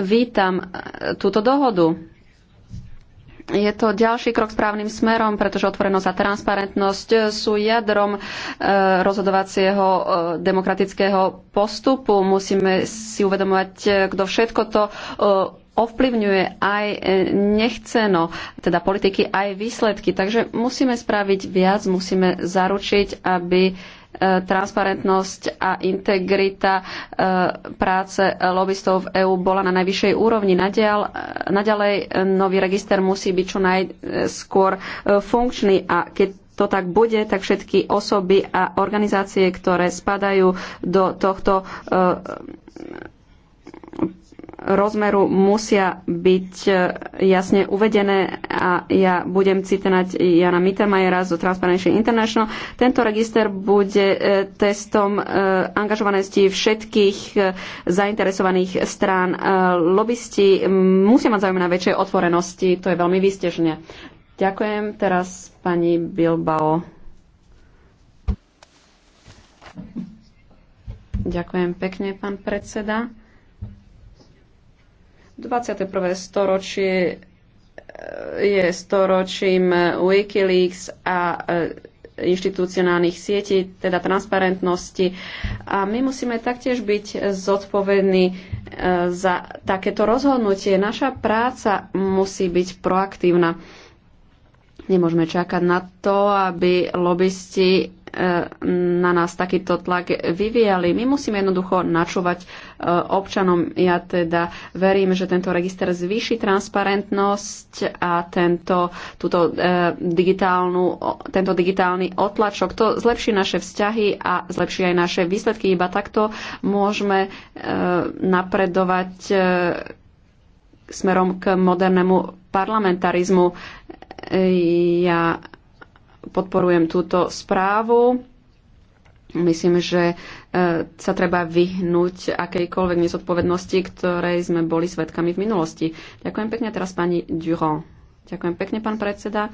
vítam e, túto dohodu. Je to ďalší krok správnym smerom, pretože otvorenosť a transparentnosť sú jadrom e, rozhodovacieho e, demokratického postupu. Musíme si uvedomovať, kto všetko to ovplyvňuje aj nechceno, teda politiky, aj výsledky. Takže musíme spraviť viac, musíme zaručiť, aby transparentnosť a integrita e, práce lobbystov v EÚ bola na najvyššej úrovni. naďalej e, nový register musí byť čo najskôr e, funkčný a keď to tak bude, tak všetky osoby a organizácie, ktoré spadajú do tohto rozmeru musia byť e, jasne uvedené a ja budem citovať Jana Mittermajera zo Transparency International. Tento register bude e, testom e, angažovanosti všetkých zainteresovaných strán. Lobisti musia mať záujem na väčšej otvorenosti, to je veľmi výstežne. Ďakujem teraz pani Bilbao. Ďakujem pekne, pán predseda. 21. storočie e, je storočím Wikileaks a e, inštitucionálnych sietí, teda transparentnosti. A my musíme taktiež byť zodpovední e, za takéto rozhodnutie. Naša práca musí byť proaktívna. Nemôžeme čakať na to, aby lobbysti Eh, na nás takýto tlak vyvíjali. My musíme jednoducho načúvať eh, občanom. Ja teda verím, že tento register zvýši transparentnosť a tento, túto, eh, digitálnu, tento digitálny otlačok. To zlepší naše vzťahy a zlepší aj naše výsledky. Iba takto môžeme napredovať smerom k modernému parlamentarizmu. Ja podporujem túto správu. Myslím, že e, sa treba vyhnúť akejkoľvek nezodpovednosti, ktorej sme boli svetkami v minulosti. Ďakujem pekne teraz pani Durand. Ďakujem pekne, pán predseda.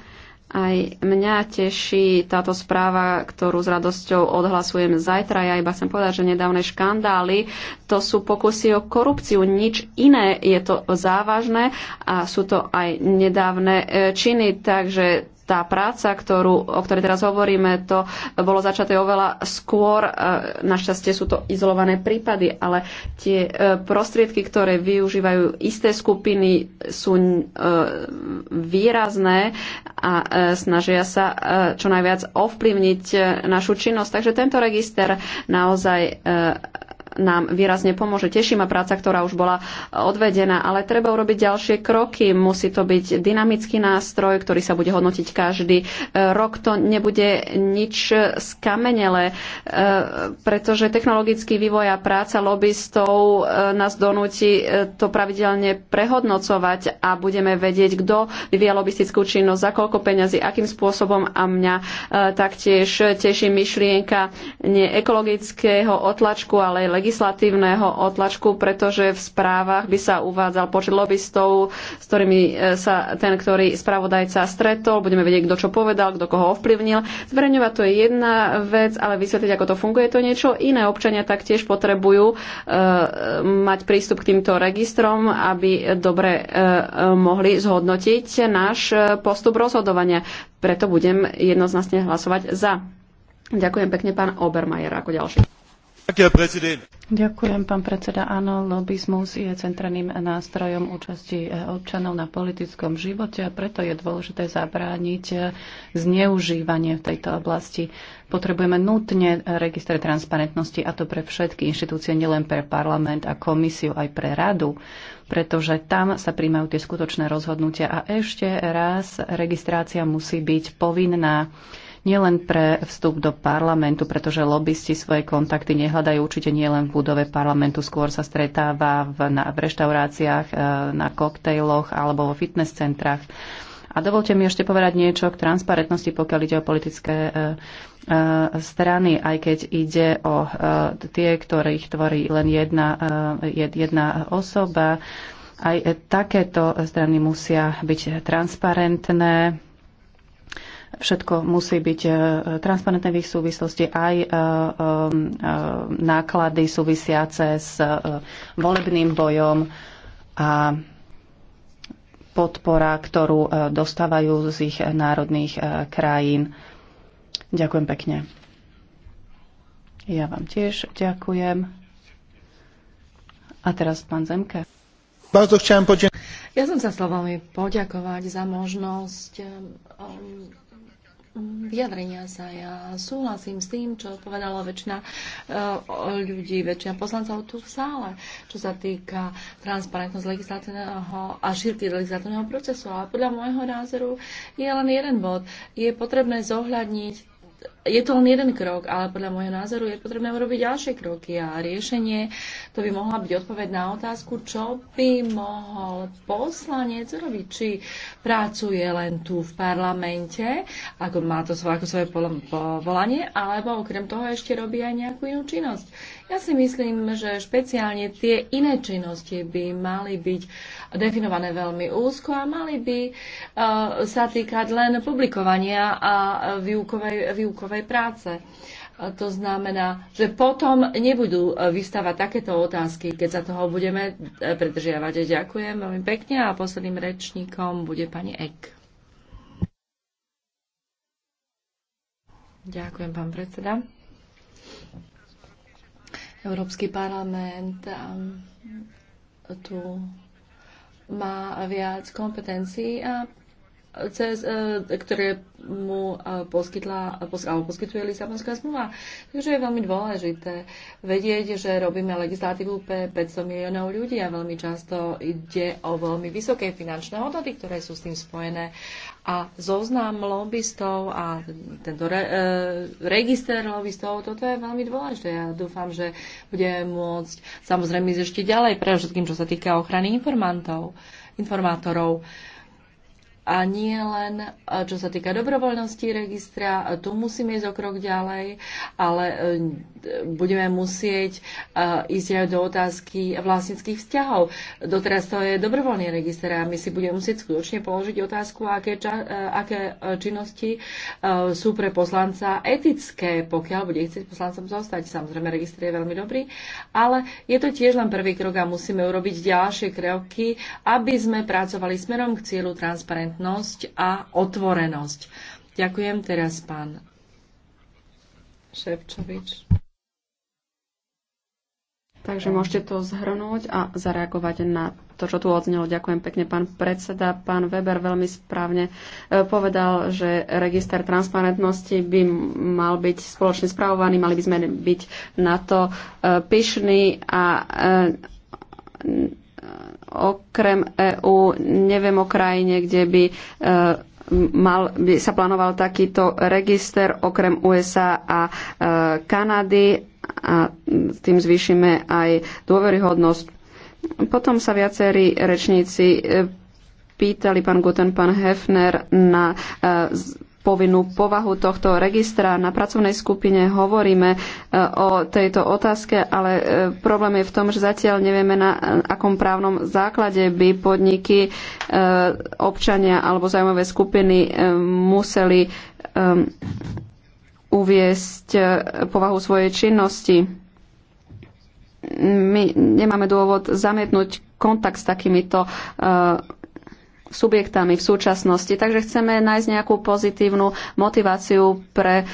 Aj mňa teší táto správa, ktorú s radosťou odhlasujem zajtra. Ja iba chcem povedať, že nedávne škandály to sú pokusy o korupciu, nič iné. Je to závažné a sú to aj nedávne e, činy, takže tá práca, ktorú, o ktorej teraz hovoríme, to bolo začaté oveľa skôr. E, našťastie sú to izolované prípady, ale tie e, prostriedky, ktoré využívajú isté skupiny, sú e, výrazné a snažia sa čo najviac ovplyvniť našu činnosť. Takže tento register naozaj nám výrazne pomôže. Teší ma práca, ktorá už bola e, odvedená, ale treba urobiť ďalšie kroky. Musí to byť dynamický nástroj, ktorý sa bude hodnotiť každý e, rok. To nebude nič skamenelé, e, pretože technologický vývoj a práca lobbystov nás donúti to pravidelne prehodnocovať a budeme vedieť, kto vyvíja lobbystickú činnosť, za koľko peňazí, akým spôsobom a mňa taktiež teší myšlienka nie ekologického otlačku, ale aj legislatívneho otlačku, pretože v správach by sa uvádzal počet lobbystov, s ktorými e, sa ten, ktorý spravodajca stretol, budeme vedieť, kto čo povedal, kto koho ovplyvnil. Zverejňovať to je jedna vec, ale vysvetliť, ako to funguje, to niečo iné. Občania taktiež potrebujú e, mať prístup k týmto registrom, aby dobre e, mohli zhodnotiť náš e, postup rozhodovania. Preto budem jednoznačne hlasovať za. Ďakujem pekne pán Obermajer ako ďalší. Ďakujem, pán predseda. Áno, lobizmus je centrálnym nástrojom účasti eh, občanov na politickom živote a preto je dôležité zabrániť eh, zneužívanie v tejto oblasti. Potrebujeme nutne registre transparentnosti a to pre všetky inštitúcie, nielen pre parlament a komisiu, aj pre radu, pretože tam sa príjmajú tie skutočné rozhodnutia. A ešte raz registrácia musí byť povinná nielen pre vstup do parlamentu, pretože lobbysti svoje kontakty nehľadajú určite nielen v budove parlamentu, skôr sa stretáva v, na, v reštauráciách, e, na koktejloch alebo vo fitness centrách. A dovolte mi ešte povedať niečo k transparentnosti, pokiaľ ide o politické e, e, strany, aj keď ide o tie, ktorých tvorí len jedna, jedna osoba. Aj takéto strany musia byť transparentné Všetko musí byť e, transparentné v ich súvislosti, aj e, e, náklady súvisiace s volebným bojom a podpora, ktorú dostávajú z ich národných krajín. Ďakujem pekne. Ja vám tiež ďakujem. A teraz pán Zemke. Ja som sa slovami poďakovať za možnosť um, vyjadrenia sa. Ja súhlasím s tým, čo povedala väčšina eh, ľudí, väčšina poslancov tu v sále, čo sa týka transparentnosť legislatívneho a šírky legislatívneho procesu. A podľa môjho názoru je len jeden bod. Je potrebné zohľadniť je to len jeden krok, ale podľa môjho názoru je potrebné urobiť ďalšie kroky a riešenie to by mohla byť odpoveď na otázku, čo by mohol poslanec robiť, či pracuje len tu v parlamente, ako má to svoje, ako svoje povolanie, alebo okrem toho ešte robí aj nejakú inú činnosť ja si myslím, že špeciálne tie iné činnosti by mali byť definované veľmi úzko a mali by e, sa týkať len publikovania a výukovej, výukovej práce. To znamená, že potom nebudú vystávať takéto otázky, keď sa toho budeme e, predržiavať. Ďakujem veľmi pekne a posledným rečníkom bude pani Ek. Ďakujem, pán predseda. Európsky parlament tu má viac kompetencií a cez, e, ktoré mu e, poskytla, alebo poskytuje Lisabonská zmluva. Takže je veľmi dôležité vedieť, že robíme legislatívu pre 500 miliónov ľudí a veľmi často ide o veľmi vysoké finančné hodnoty, ktoré sú s tým spojené a zoznam lobbystov a tento re, e, register lobbystov, toto je veľmi dôležité. Ja dúfam, že budeme môcť samozrejme ísť ešte ďalej, pre všetkým, čo sa týka ochrany informantov, informátorov. E, a nie len, e, čo sa týka dobrovoľnosti registra, e, tu musíme ísť o krok ďalej, ale e, budeme musieť ísť aj do otázky vlastnických vzťahov. Doteraz to je dobrovoľný register a my si budeme musieť skutočne položiť otázku, aké, ča, aké činnosti sú pre poslanca etické, pokiaľ bude chcieť poslancom zostať. Samozrejme, register je veľmi dobrý, ale je to tiež len prvý krok a musíme urobiť ďalšie kroky, aby sme pracovali smerom k cieľu transparentnosti transparentnosť a otvorenosť. Ďakujem teraz pán Ševčovič. Takže môžete to zhrnúť a zareagovať na to, čo tu odznelo. Ďakujem pekne, pán predseda. Pán Weber veľmi správne e, povedal, že register transparentnosti by mal byť spoločne spravovaný, mali by sme byť na to e, pyšní a e, okrem EÚ neviem o krajine, kde by e, mal, by sa plánoval takýto register okrem USA a e, Kanady a tým zvýšime aj dôveryhodnosť. Potom sa viacerí rečníci e, pýtali pán Guten, pán Hefner na povinnú povahu tohto registra. Na pracovnej skupine hovoríme e, o tejto otázke, ale e, problém je v tom, že zatiaľ nevieme, na akom právnom základe by podniky, e, občania alebo zaujímavé skupiny museli uviesť povahu svojej činnosti. My nemáme dôvod zamietnúť kontakt s takýmito subjektami v súčasnosti. Takže chceme nájsť nejakú pozitívnu motiváciu pre e,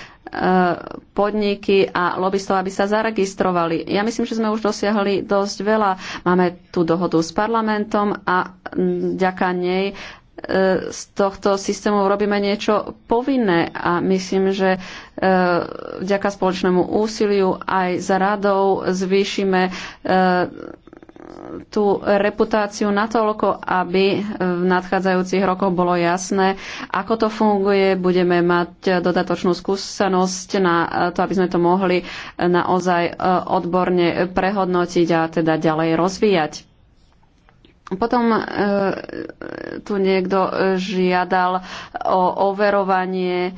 podniky a lobbystov, aby sa zaregistrovali. Ja myslím, že sme už dosiahli dosť veľa. Máme tú dohodu s parlamentom a vďaka nej e, z tohto systému robíme niečo povinné a myslím, že e, vďaka spoločnému úsiliu aj za radou zvýšime tú reputáciu natoľko, aby v nadchádzajúcich rokoch bolo jasné, ako to funguje. Budeme mať dodatočnú skúsenosť na to, aby sme to mohli naozaj e, odborne prehodnotiť a teda ďalej rozvíjať. Potom e, tu niekto žiadal o overovanie e,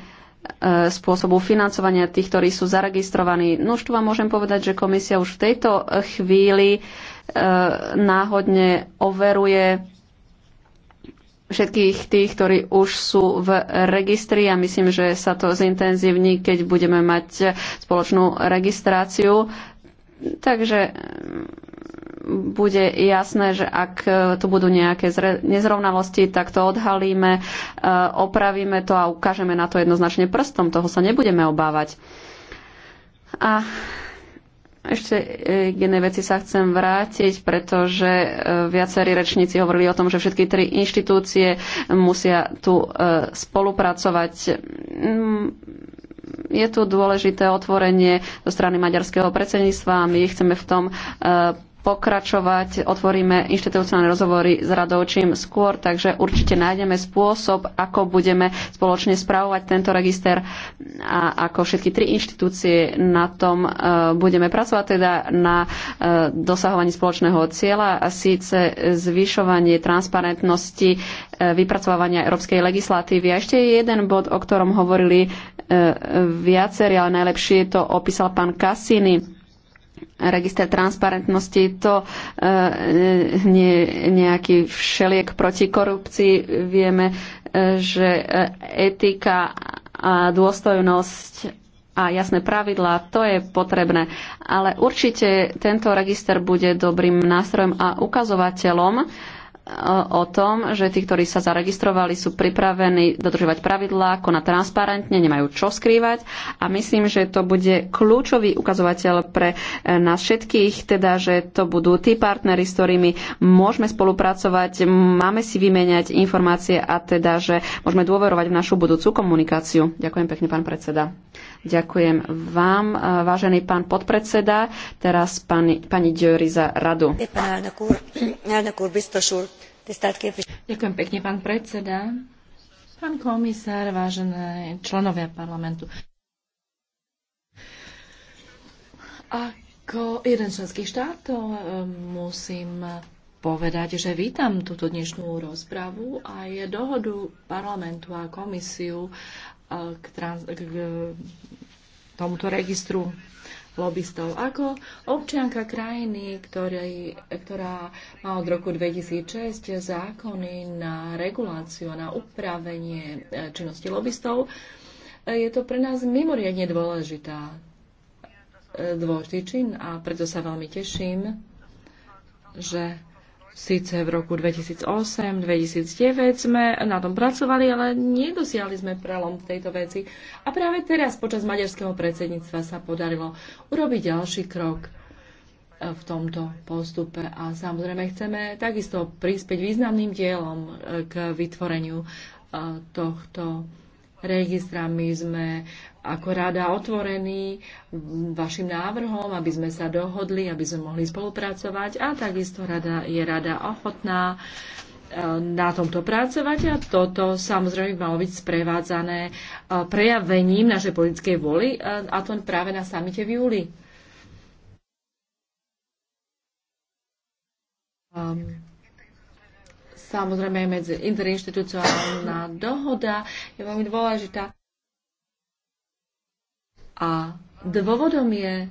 spôsobu financovania tých, ktorí sú zaregistrovaní. No už tu vám môžem povedať, že komisia už v tejto chvíli uh, Eh, náhodne overuje všetkých tých, ktorí už sú v registri a myslím, že sa to zintenzívni, keď budeme mať spoločnú registráciu. Takže mm, bude jasné, že ak eh, tu budú nejaké nezrovnalosti, tak to odhalíme, eh, opravíme to a ukážeme na to jednoznačne prstom. Toho sa nebudeme obávať. A ešte e, k jednej veci sa chcem vrátiť, pretože e, viacerí rečníci hovorili o tom, že všetky tri inštitúcie musia tu e, spolupracovať. Mm, je tu dôležité otvorenie zo strany maďarského predsedníctva a my chceme v tom pokračovať, otvoríme inštitucionálne rozhovory s radou čím skôr, takže určite nájdeme spôsob, ako budeme spoločne spravovať tento register a ako všetky tri inštitúcie na tom e, budeme pracovať, teda na e, dosahovaní spoločného cieľa a síce zvyšovanie transparentnosti e, vypracovania európskej legislatívy. A ešte jeden bod, o ktorom hovorili viacerí, ale najlepšie to opísal pán Cassini register transparentnosti, to e, nie nejaký všeliek proti korupcii. Vieme, e, že e, etika a dôstojnosť a jasné pravidlá, to je potrebné. Ale určite tento register bude dobrým nástrojom a ukazovateľom, o tom, že tí, ktorí sa zaregistrovali, sú pripravení dodržovať pravidlá, konať transparentne, nemajú čo skrývať a myslím, že to bude kľúčový ukazovateľ pre e, nás všetkých, teda, že to budú tí partnery, s ktorými môžeme spolupracovať, máme si vymeniať informácie a teda, že môžeme dôverovať v našu budúcu komunikáciu. Ďakujem pekne, pán predseda. Ďakujem vám, e, vážený pán podpredseda. Teraz pani, pani Diori za radu. Ďakujem pekne, pán predseda. Pán komisár, vážené členovia parlamentu. Ako jeden z členských štátov e, musím povedať, že vítam túto dnešnú rozpravu a je dohodu parlamentu a komisiu k, trans, k, k tomuto registru lobbystov. Ako občianka krajiny, ktorý, ktorá má od roku 2006 zákony na reguláciu, na upravenie e, činnosti lobbystov, e, je to pre nás mimoriadne dôležitá e, dôležitý čin a preto sa veľmi teším, že Sice v roku 2008-2009 sme na tom pracovali, ale nedosiahli sme prelom v tejto veci. A práve teraz, počas maďarského predsedníctva, sa podarilo urobiť ďalší krok e, v tomto postupe. A samozrejme chceme takisto prispieť významným dielom e, k vytvoreniu e, tohto registrami sme ako rada otvorení vašim návrhom, aby sme sa dohodli, aby sme mohli spolupracovať a takisto rada, je rada ochotná e, na tomto pracovať a toto samozrejme malo byť sprevádzané e, prejavením našej politickej voly e, a to práve na samite v júli. Um, Samozrejme, aj medzi interinstitucionálna dohoda je veľmi dôležitá. A dôvodom je, um,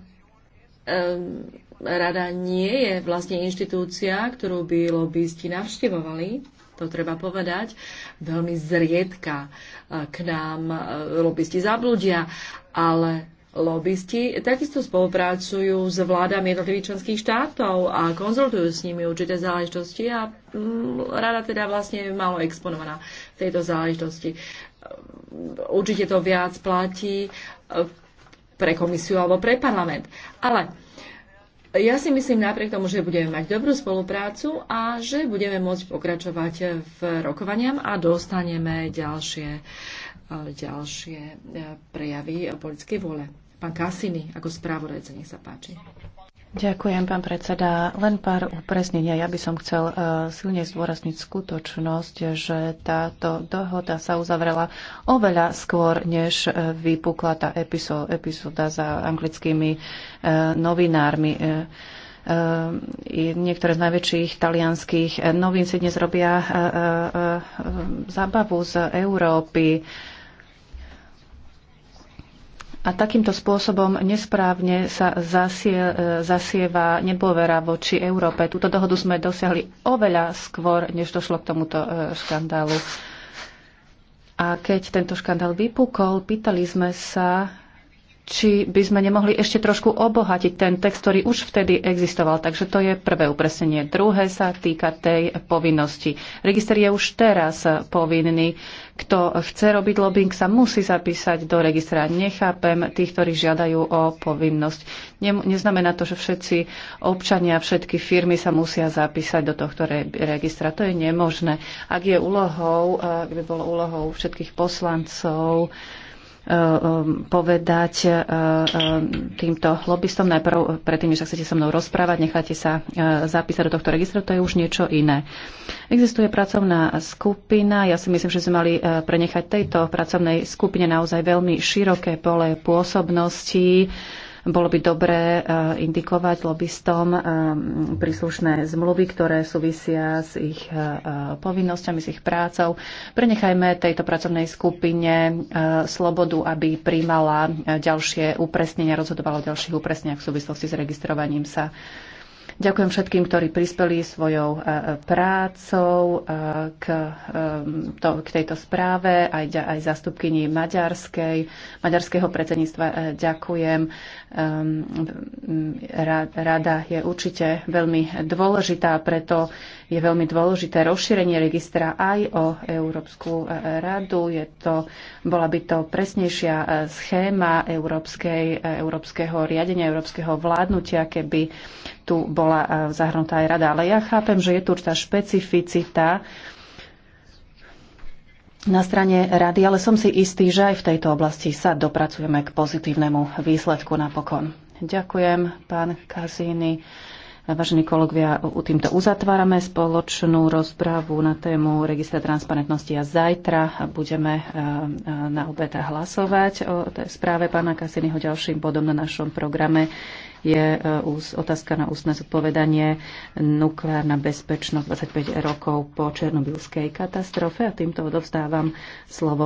rada nie je vlastne inštitúcia, ktorú by lobbysti navštevovali, to treba povedať, veľmi zriedka eh, k nám eh, lobbysti zabludia, ale Lobbysti takisto spolupracujú s vládami jednotlivých členských štátov a konzultujú s nimi určité záležitosti a mm, rada teda vlastne je malo exponovaná v tejto záležitosti. Určite to viac platí e, pre komisiu alebo pre parlament. Ale ja si myslím napriek tomu, že budeme mať dobrú spoluprácu a že budeme môcť pokračovať v rokovaniam a dostaneme ďalšie uh, ďalšie e, prejavy politickej vôle. Pán Kasiny, ako správorec, nech sa páči. Ďakujem, pán predseda. Len pár upresnenia. Ja by som chcel e, silne zdôrazniť skutočnosť, že táto dohoda sa uzavrela oveľa skôr, než e, vypukla tá epizóda za anglickými novinármi. Niektoré z najväčších talianských novín si dnes robia zábavu z Európy a takýmto spôsobom nesprávne sa zasie, e, zasieva nedôvera voči Európe. Túto dohodu sme dosiahli oveľa skôr, než došlo k tomuto e, škandálu. A keď tento škandál vypukol, pýtali sme sa, či by sme nemohli ešte trošku obohatiť ten text, ktorý už vtedy existoval. Takže to je prvé upresenie. Druhé sa týka tej povinnosti. Register je už teraz povinný. Kto chce robiť lobbying, sa musí zapísať do registra. Nechápem tých, ktorí žiadajú o povinnosť. Neznamená to, že všetci občania, všetky firmy sa musia zapísať do tohto re- registra. To je nemožné. Ak je úlohou, ak by bolo úlohou všetkých poslancov, Eh, eh, povedať eh, týmto lobbystom. Najprv, predtým, než sa chcete so mnou rozprávať, necháte sa zapísať do tohto registra, to je už niečo iné. Existuje pracovná skupina, ja si myslím, že sme mali prenechať tejto pracovnej skupine naozaj veľmi široké pole pôsobnosti bolo by dobré e, indikovať lobbystom e, príslušné zmluvy, ktoré súvisia s ich e, povinnosťami, s ich prácou. Prenechajme tejto pracovnej skupine slobodu, aby príjmala ďalšie upresnenia, rozhodovala o ďalších upresneniach v súvislosti s registrovaním sa Ďakujem všetkým, ktorí prispeli svojou prácou k, to, k tejto správe, aj, aj zastupkyni maďarskej, maďarského predsedníctva ďakujem. Ehm, rada je určite veľmi dôležitá, preto je veľmi dôležité rozšírenie registra aj o Európsku e, radu. Je to, bola by to presnejšia e, schéma európskej, e, európskeho riadenia, európskeho vládnutia, keby tu bola zahrnutá aj rada. Ale ja chápem, že je tu určitá špecificita na strane rady, ale som si istý, že aj v tejto oblasti sa dopracujeme k pozitívnemu výsledku napokon. Ďakujem, pán Kazíny. Vážení kolegovia, týmto uzatvárame spoločnú rozpravu na tému registra transparentnosti a zajtra budeme eh, na obed hlasovať o správe pána Kasinyho ďalším bodom na našom programe je e, otázka na ústne zodpovedanie nukleárna bezpečnosť 25 rokov po černobylskej katastrofe. A týmto odovzdávam slovo